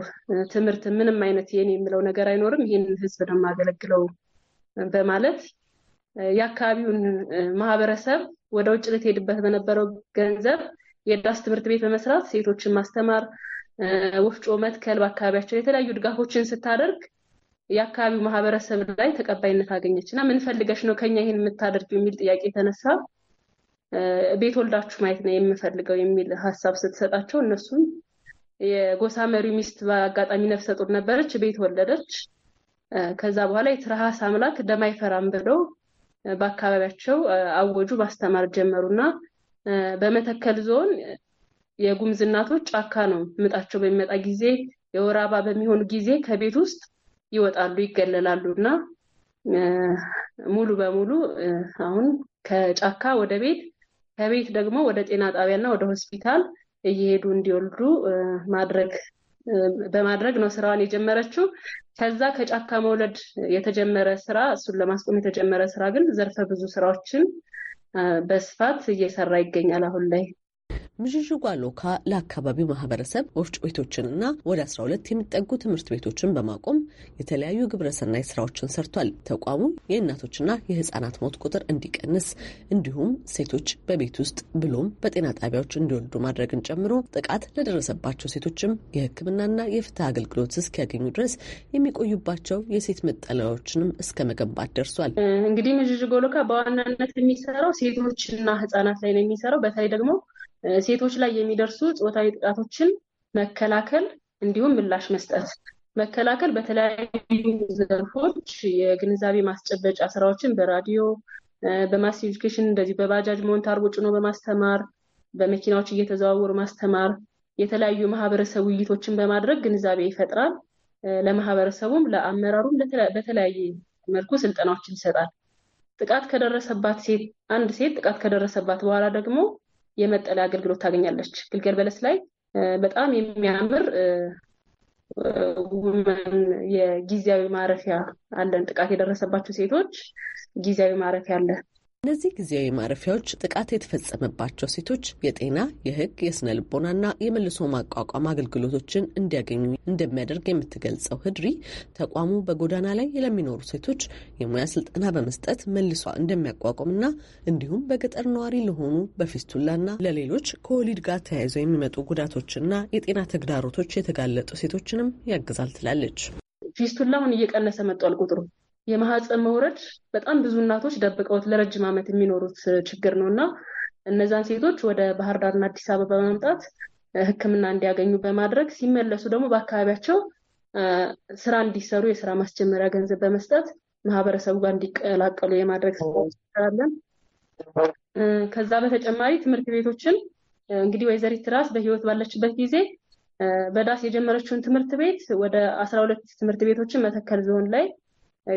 ትምህርት ምንም አይነት የኔ የምለው ነገር አይኖርም፣ ይህንን ህዝብ ነው የማገለግለው በማለት የአካባቢውን ማህበረሰብ ወደ ውጭ ልትሄድበት በነበረው ገንዘብ የዳስ ትምህርት ቤት በመስራት ሴቶችን ማስተማር፣ ወፍጮ መትከል፣ በአካባቢያቸው የተለያዩ ድጋፎችን ስታደርግ የአካባቢው ማህበረሰብ ላይ ተቀባይነት አገኘች እና ምን ፈልገሽ ነው ከኛ ይሄን የምታደርግ የሚል ጥያቄ የተነሳ ቤት ወልዳችሁ ማየት ነው የምፈልገው የሚል ሀሳብ ስትሰጣቸው እነሱም የጎሳ መሪ ሚስት በአጋጣሚ ነፍሰ ጡር ነበረች፣ ቤት ወለደች። ከዛ በኋላ የትርሃስ አምላክ ደም አይፈራም ብለው በአካባቢያቸው አወጁ፣ ማስተማር ጀመሩ እና በመተከል ዞን የጉምዝ እናቶች ጫካ ነው ምጣቸው በሚመጣ ጊዜ የወር አበባ በሚሆኑ ጊዜ ከቤት ውስጥ ይወጣሉ፣ ይገለላሉ እና ሙሉ በሙሉ አሁን ከጫካ ወደ ቤት ከቤት ደግሞ ወደ ጤና ጣቢያና ወደ ሆስፒታል እየሄዱ እንዲወልዱ ማድረግ በማድረግ ነው ስራዋን የጀመረችው። ከዛ ከጫካ መውለድ የተጀመረ ስራ እሱን ለማስቆም የተጀመረ ስራ ግን ዘርፈ ብዙ ስራዎችን በስፋት እየሰራ ይገኛል አሁን ላይ። ምዥዥጓ ሎካ ለአካባቢው ማህበረሰብ ወፍጮ ቤቶችንና ወደ 12 የሚጠጉ ትምህርት ቤቶችን በማቆም የተለያዩ ግብረሰናይ ስራዎችን ሰርቷል። ተቋሙ የእናቶችና የህጻናት ሞት ቁጥር እንዲቀንስ እንዲሁም ሴቶች በቤት ውስጥ ብሎም በጤና ጣቢያዎች እንዲወልዱ ማድረግን ጨምሮ ጥቃት ለደረሰባቸው ሴቶችም የህክምናና የፍትህ አገልግሎት እስኪያገኙ ድረስ የሚቆዩባቸው የሴት መጠለያዎችንም እስከ መገንባት ደርሷል። እንግዲህ ምዥዥጎ ሎካ በዋናነት የሚሰራው ሴቶችና ህጻናት ላይ ነው የሚሰራው በተለይ ደግሞ ሴቶች ላይ የሚደርሱ ጾታዊ ጥቃቶችን መከላከል እንዲሁም ምላሽ መስጠት መከላከል በተለያዩ ዘርፎች የግንዛቤ ማስጨበጫ ስራዎችን በራዲዮ በማስ ኤጁኬሽን እንደዚህ በባጃጅ ሞንታርቦ ጭኖ በማስተማር በመኪናዎች እየተዘዋወሩ ማስተማር የተለያዩ ማህበረሰብ ውይይቶችን በማድረግ ግንዛቤ ይፈጥራል። ለማህበረሰቡም ለአመራሩም በተለያየ መልኩ ስልጠናዎችን ይሰጣል። ጥቃት ከደረሰባት ሴት አንድ ሴት ጥቃት ከደረሰባት በኋላ ደግሞ የመጠለያ አገልግሎት ታገኛለች። ግልገል በለስ ላይ በጣም የሚያምር ውመን የጊዜያዊ ማረፊያ አለን። ጥቃት የደረሰባቸው ሴቶች ጊዜያዊ ማረፊያ አለ። እነዚህ ጊዜያዊ ማረፊያዎች ጥቃት የተፈጸመባቸው ሴቶች የጤና፣ የሕግ፣ የስነ ልቦናና የመልሶ ማቋቋም አገልግሎቶችን እንዲያገኙ እንደሚያደርግ የምትገልጸው ህድሪ ተቋሙ በጎዳና ላይ ለሚኖሩ ሴቶች የሙያ ስልጠና በመስጠት መልሷ እንደሚያቋቁምና እንዲሁም በገጠር ነዋሪ ለሆኑ በፊስቱላና ለሌሎች ከወሊድ ጋር ተያይዘው የሚመጡ ጉዳቶችና የጤና ተግዳሮቶች የተጋለጡ ሴቶችንም ያግዛል ትላለች። ፊስቱላውን እየቀነሰ መጥቷል ቁጥሩ የማህፀን መውረድ በጣም ብዙ እናቶች ደብቀውት ለረጅም ዓመት የሚኖሩት ችግር ነው እና እነዛን ሴቶች ወደ ባህር ዳርና አዲስ አበባ በማምጣት ሕክምና እንዲያገኙ በማድረግ ሲመለሱ ደግሞ በአካባቢያቸው ስራ እንዲሰሩ የስራ ማስጀመሪያ ገንዘብ በመስጠት ማህበረሰቡ ጋር እንዲቀላቀሉ የማድረግ ስራለን። ከዛ በተጨማሪ ትምህርት ቤቶችን እንግዲህ ወይዘሪት ራስ በህይወት ባለችበት ጊዜ በዳስ የጀመረችውን ትምህርት ቤት ወደ አስራ ሁለት ትምህርት ቤቶችን መተከል ዞን ላይ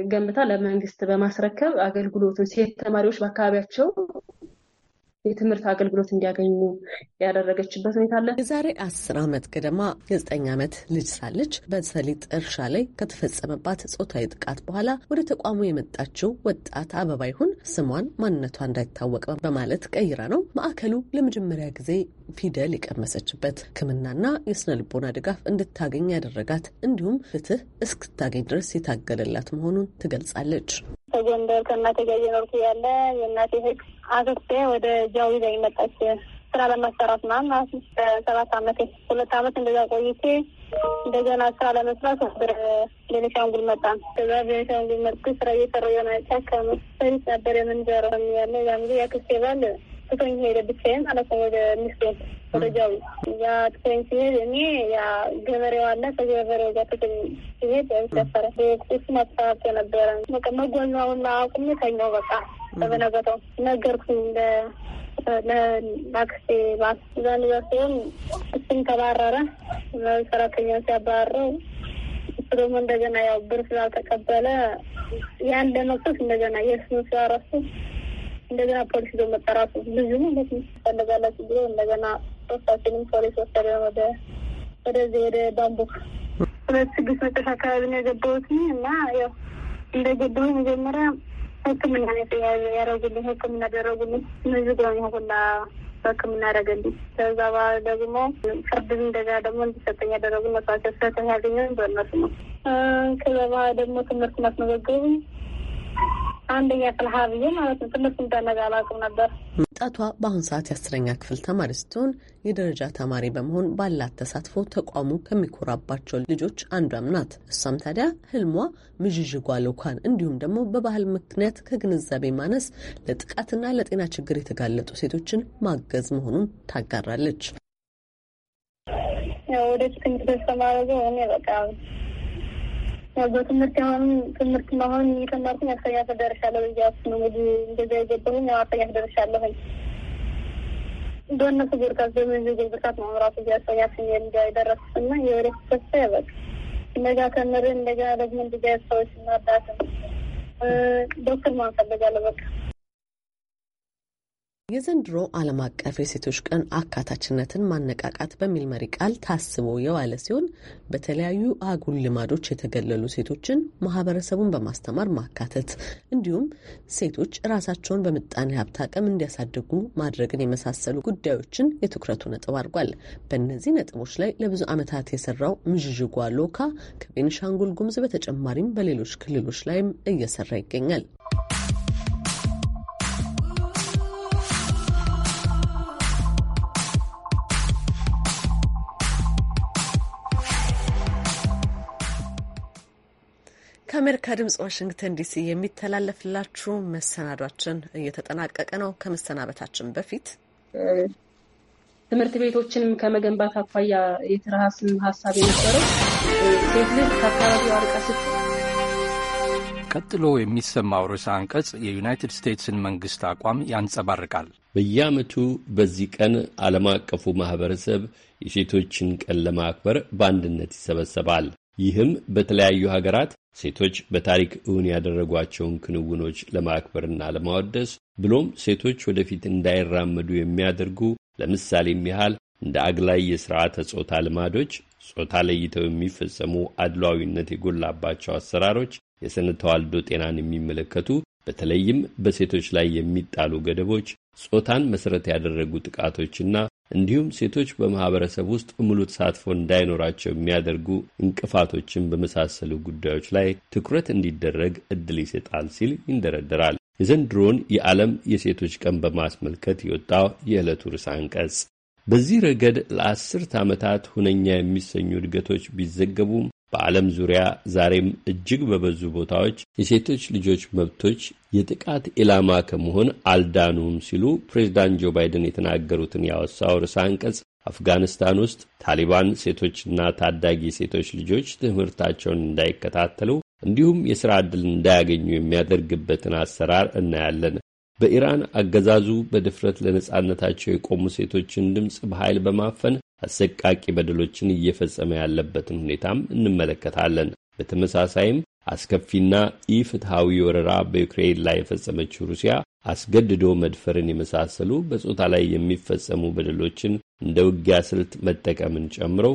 ገንብታ ለመንግስት በማስረከብ አገልግሎቱን ሴት ተማሪዎች በአካባቢያቸው የትምህርት አገልግሎት እንዲያገኙ ያደረገችበት ሁኔታ አለ። የዛሬ አስር ዓመት ገደማ የዘጠኝ ዓመት ልጅ ሳለች በሰሊጥ እርሻ ላይ ከተፈጸመባት ጾታዊ ጥቃት በኋላ ወደ ተቋሙ የመጣችው ወጣት አበባ ይሁን ስሟን ማንነቷ እንዳይታወቅ በማለት ቀይራ ነው ማዕከሉ ለመጀመሪያ ጊዜ ፊደል የቀመሰችበት ሕክምናና የስነ ልቦና ድጋፍ እንድታገኝ ያደረጋት እንዲሁም ፍትህ እስክታገኝ ድረስ የታገለላት መሆኑን ትገልጻለች። ከጎንደር ከእናቴ ጋር እየኖርኩ ያለ የእናቴ ህግ አክስቴ ወደ ጃዊ ላይ መጣች። ስራ ለማሰራት ምናምን ማለት ነው። ሰባት አመቴ ሁለት አመት እንደዛ ቆይቼ እንደገና ስራ ለመስራት ወደ ቤኒሻንጉል መጣ። ከዛ ቤኒሻንጉል መጥቼ ስራ እየሰራ የሆነ ጫካ ነበር የምንጀረው ያለ ያ ጊዜ ያክስቴ ባል ትቶኝ ሄደ ብቻዬን ማለት ነው ወደ ሚስቶን ወደጃዊ ያ ትቶኝ ሲሄድ እኔ ያ ገበሬው አለ ከገበሬው ጋር ትቶኝ ሲሄድ ደፈረ ቁስ ማጥፋት ነበረ በቃ መጓዛውን አቁሜ ተኛው በቃ በበነገተው ነገርኩኝ ለአክስቴ ባስ እዛ ንዛር ሲሆን እሱም ተባረረ ሰራተኛ ሲያባረረው እሱ ደግሞ እንደገና ያው ብር ስላልተቀበለ ያን ለመቅሰስ እንደገና የእሱን ሲያረሱ እንደገና ፖሊስ ይዞ መጠራቱ ራሱ ልዩ ማለት ነው ፈለጋላችሁ ብሎ እንደገና ሶስታችንም ፖሊስ ወሰደ ወደ ወደዚህ ወደ ባምቡክ ሁለት ስድስት መጨረሻ አካባቢ ነው የገባሁት እና ያው እንደ ገባሁ መጀመሪያ ሕክምና ነው ያደረጉልኝ። ሕክምና ያደረጉልኝ እነዚህ ግሮኝ ሁላ ሕክምና ያደረገልኝ። ከዛ በኋላ ደግሞ ፍርድ እንደገና ደግሞ እንዲሰጠኝ ያደረጉ መስዋቸው ሰተ ያገኘ በእነሱ ነው። ከዛ በኋላ ደግሞ ትምህርት ማስመዘገቡኝ አንደኛ ጥልሀ ብዬ ማለት ነው። ትምህርት እንዳነገ አላውቅም ነበር። ወጣቷ በአሁኑ ሰዓት የአስረኛ ክፍል ተማሪ ስትሆን የደረጃ ተማሪ በመሆን ባላት ተሳትፎ ተቋሙ ከሚኮራባቸው ልጆች አንዷም ናት። እሷም ታዲያ ህልሟ ምዥዥጓ ልኳን እንዲሁም ደግሞ በባህል ምክንያት ከግንዛቤ ማነስ ለጥቃትና ለጤና ችግር የተጋለጡ ሴቶችን ማገዝ መሆኑን ታጋራለች። ወደፊት እንግዲህ ተማረገ እኔ በቃ ያው ትምህርት ሆኑ ትምህርት መሆን እየተማርኩኝ አስረኛ ተደርሻለሁ። እያሱ ነው ወዲ እንደዚያ የገባሁኝ አስረኛ ተደርሻለሁኝ። በእነሱ ብርታት በምንዚ ብርታት ነው ራሱ እያስረኛ ስኝ እንዳይደረሱት እና የወደፊት ተስፋ ያበቅ እንደጋ ከምር እንደጋ ደግሞ እንደዚያ ሰዎች እናዳትም ዶክተር ማንፈልጋለሁ በቃ የዘንድሮ ዓለም አቀፍ የሴቶች ቀን አካታችነትን ማነቃቃት በሚል መሪ ቃል ታስቦ የዋለ ሲሆን በተለያዩ አጉል ልማዶች የተገለሉ ሴቶችን ማህበረሰቡን በማስተማር ማካተት እንዲሁም ሴቶች ራሳቸውን በምጣኔ ሀብት አቅም እንዲያሳድጉ ማድረግን የመሳሰሉ ጉዳዮችን የትኩረቱ ነጥብ አድርጓል። በእነዚህ ነጥቦች ላይ ለብዙ ዓመታት የሰራው ምዥዥጓ ሎካ ከቤንሻንጉል ጉምዝ በተጨማሪም በሌሎች ክልሎች ላይም እየሰራ ይገኛል። ከአሜሪካ ድምጽ ዋሽንግተን ዲሲ የሚተላለፍላችሁ መሰናዷችን እየተጠናቀቀ ነው። ከመሰናበታችን በፊት ትምህርት ቤቶችንም ከመገንባት አኳያ የትርሃስም ሀሳብ የነበረው ሴት ልጅ ከአካባቢው አርቃ ስት ቀጥሎ የሚሰማው ርዕሰ አንቀጽ የዩናይትድ ስቴትስን መንግስት አቋም ያንጸባርቃል። በየዓመቱ በዚህ ቀን ዓለም አቀፉ ማኅበረሰብ የሴቶችን ቀን ለማክበር በአንድነት ይሰበሰባል። ይህም በተለያዩ ሀገራት ሴቶች በታሪክ እውን ያደረጓቸውን ክንውኖች ለማክበርና ለማወደስ ብሎም ሴቶች ወደፊት እንዳይራመዱ የሚያደርጉ ለምሳሌም ያህል እንደ አግላይ የሥርዓተ ጾታ ልማዶች፣ ጾታ ለይተው የሚፈጸሙ አድሏዊነት የጎላባቸው አሰራሮች፣ የሥነ ተዋልዶ ጤናን የሚመለከቱ በተለይም በሴቶች ላይ የሚጣሉ ገደቦች፣ ጾታን መሠረት ያደረጉ ጥቃቶችና እንዲሁም ሴቶች በማህበረሰብ ውስጥ ሙሉ ተሳትፎ እንዳይኖራቸው የሚያደርጉ እንቅፋቶችን በመሳሰሉ ጉዳዮች ላይ ትኩረት እንዲደረግ እድል ይሰጣል ሲል ይንደረደራል። የዘንድሮን የዓለም የሴቶች ቀን በማስመልከት የወጣው የዕለቱ ርስ አንቀጽ በዚህ ረገድ ለአስርት ዓመታት ሁነኛ የሚሰኙ እድገቶች ቢዘገቡም በዓለም ዙሪያ ዛሬም እጅግ በበዙ ቦታዎች የሴቶች ልጆች መብቶች የጥቃት ኢላማ ከመሆን አልዳኑም ሲሉ ፕሬዚዳንት ጆ ባይደን የተናገሩትን ያወሳው ርዕሰ አንቀጽ አፍጋኒስታን ውስጥ ታሊባን ሴቶችና ታዳጊ ሴቶች ልጆች ትምህርታቸውን እንዳይከታተሉ እንዲሁም የሥራ ዕድል እንዳያገኙ የሚያደርግበትን አሰራር እናያለን። በኢራን አገዛዙ በድፍረት ለነጻነታቸው የቆሙ ሴቶችን ድምፅ በኃይል በማፈን አሰቃቂ በደሎችን እየፈጸመ ያለበትን ሁኔታም እንመለከታለን። በተመሳሳይም አስከፊና ኢፍትሐዊ ወረራ በዩክሬን ላይ የፈጸመችው ሩሲያ አስገድዶ መድፈርን የመሳሰሉ በጾታ ላይ የሚፈጸሙ በደሎችን እንደ ውጊያ ስልት መጠቀምን ጨምሮ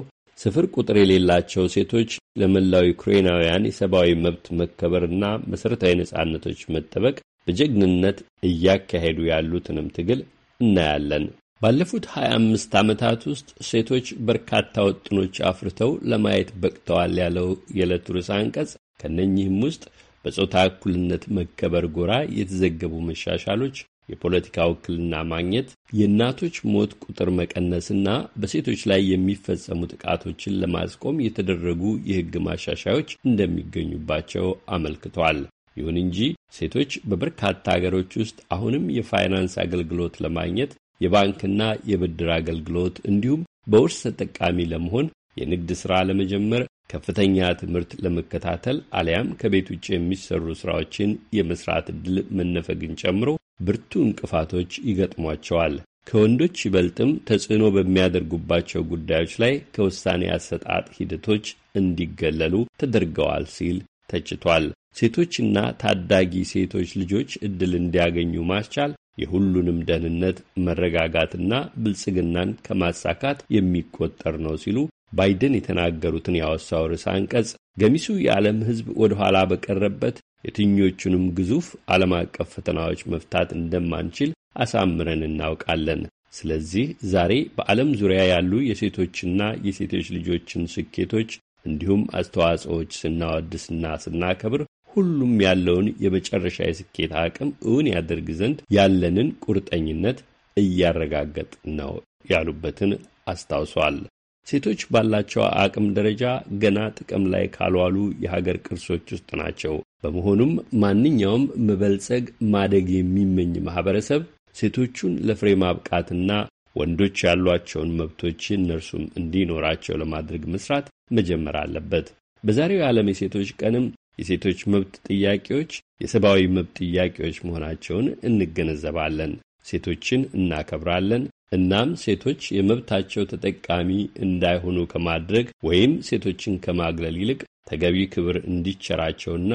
ስፍር ቁጥር የሌላቸው ሴቶች ለመላው ዩክሬናውያን የሰብአዊ መብት መከበርና መሠረታዊ ነጻነቶች መጠበቅ በጀግንነት እያካሄዱ ያሉትንም ትግል እናያለን። ባለፉት 25 ዓመታት ውስጥ ሴቶች በርካታ ውጥኖች አፍርተው ለማየት በቅተዋል ያለው የዕለቱ ርዕሰ አንቀጽ ከነኚህም ውስጥ በጾታ እኩልነት መከበር ጎራ የተዘገቡ መሻሻሎች፣ የፖለቲካ ውክልና ማግኘት፣ የእናቶች ሞት ቁጥር መቀነስና በሴቶች ላይ የሚፈጸሙ ጥቃቶችን ለማስቆም የተደረጉ የሕግ ማሻሻዮች እንደሚገኙባቸው አመልክቷል። ይሁን እንጂ ሴቶች በበርካታ አገሮች ውስጥ አሁንም የፋይናንስ አገልግሎት ለማግኘት የባንክና የብድር አገልግሎት እንዲሁም በውርስ ተጠቃሚ ለመሆን የንግድ ሥራ ለመጀመር ከፍተኛ ትምህርት ለመከታተል አሊያም ከቤት ውጭ የሚሰሩ ሥራዎችን የመስራት ዕድል መነፈግን ጨምሮ ብርቱ እንቅፋቶች ይገጥሟቸዋል። ከወንዶች ይበልጥም ተጽዕኖ በሚያደርጉባቸው ጉዳዮች ላይ ከውሳኔ አሰጣጥ ሂደቶች እንዲገለሉ ተደርገዋል ሲል ተችቷል። ሴቶችና ታዳጊ ሴቶች ልጆች ዕድል እንዲያገኙ ማስቻል የሁሉንም ደህንነት መረጋጋትና ብልጽግናን ከማሳካት የሚቆጠር ነው ሲሉ ባይደን የተናገሩትን ያወሳው ርዕሰ አንቀጽ ገሚሱ የዓለም ሕዝብ ወደ ኋላ በቀረበት የትኞቹንም ግዙፍ ዓለም አቀፍ ፈተናዎች መፍታት እንደማንችል አሳምረን እናውቃለን። ስለዚህ ዛሬ በዓለም ዙሪያ ያሉ የሴቶችና የሴቶች ልጆችን ስኬቶች እንዲሁም አስተዋጽኦዎች ስናወድስና ስናከብር ሁሉም ያለውን የመጨረሻ የስኬት አቅም እውን ያደርግ ዘንድ ያለንን ቁርጠኝነት እያረጋገጥ ነው ያሉበትን አስታውሷል። ሴቶች ባላቸው አቅም ደረጃ ገና ጥቅም ላይ ካልዋሉ የሀገር ቅርሶች ውስጥ ናቸው። በመሆኑም ማንኛውም መበልጸግ ማደግ የሚመኝ ማህበረሰብ ሴቶቹን ለፍሬ ማብቃትና ወንዶች ያሏቸውን መብቶች እነርሱም እንዲኖራቸው ለማድረግ መስራት መጀመር አለበት። በዛሬው የዓለም የሴቶች ቀንም የሴቶች መብት ጥያቄዎች የሰብአዊ መብት ጥያቄዎች መሆናቸውን እንገነዘባለን። ሴቶችን እናከብራለን። እናም ሴቶች የመብታቸው ተጠቃሚ እንዳይሆኑ ከማድረግ ወይም ሴቶችን ከማግለል ይልቅ ተገቢ ክብር እንዲቸራቸውና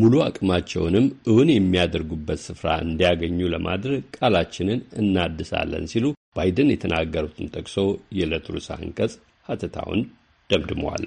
ሙሉ አቅማቸውንም እውን የሚያደርጉበት ስፍራ እንዲያገኙ ለማድረግ ቃላችንን እናድሳለን ሲሉ ባይደን የተናገሩትን ጠቅሶ የዕለቱ ርዕሰ አንቀጽ ሀተታውን ደምድመዋል።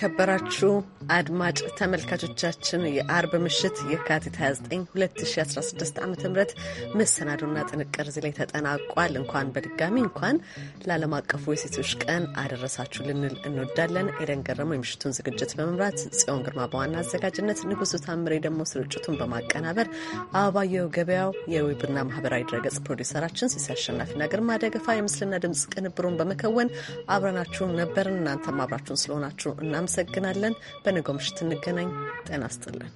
የተከበራችሁ አድማጭ ተመልካቾቻችን የአርብ ምሽት የካቲት 29 2016 ዓ ም መሰናዶና ጥንቅር እዚህ ላይ ተጠናቋል። እንኳን በድጋሚ እንኳን ለዓለም አቀፉ የሴቶች ቀን አደረሳችሁ ልንል እንወዳለን። ኤደን የምሽቱን ዝግጅት በመምራት ጽዮን ግርማ በዋና አዘጋጅነት፣ ንጉሱ ታምሬ ደግሞ ስርጭቱን በማቀናበር አበባየው ገበያው የዌብና ማህበራዊ ድረገጽ ፕሮዲሰራችን ሲሲ አሸናፊና ግርማ ደገፋ የምስልና ድምፅ ቅንብሩን በመከወን አብረናችሁን ነበርን። እናንተም አብራችሁን ስለሆናችሁ እናም እናመሰግናለን። በነገው ምሽት እንገናኝ። ጤና ይስጥልን።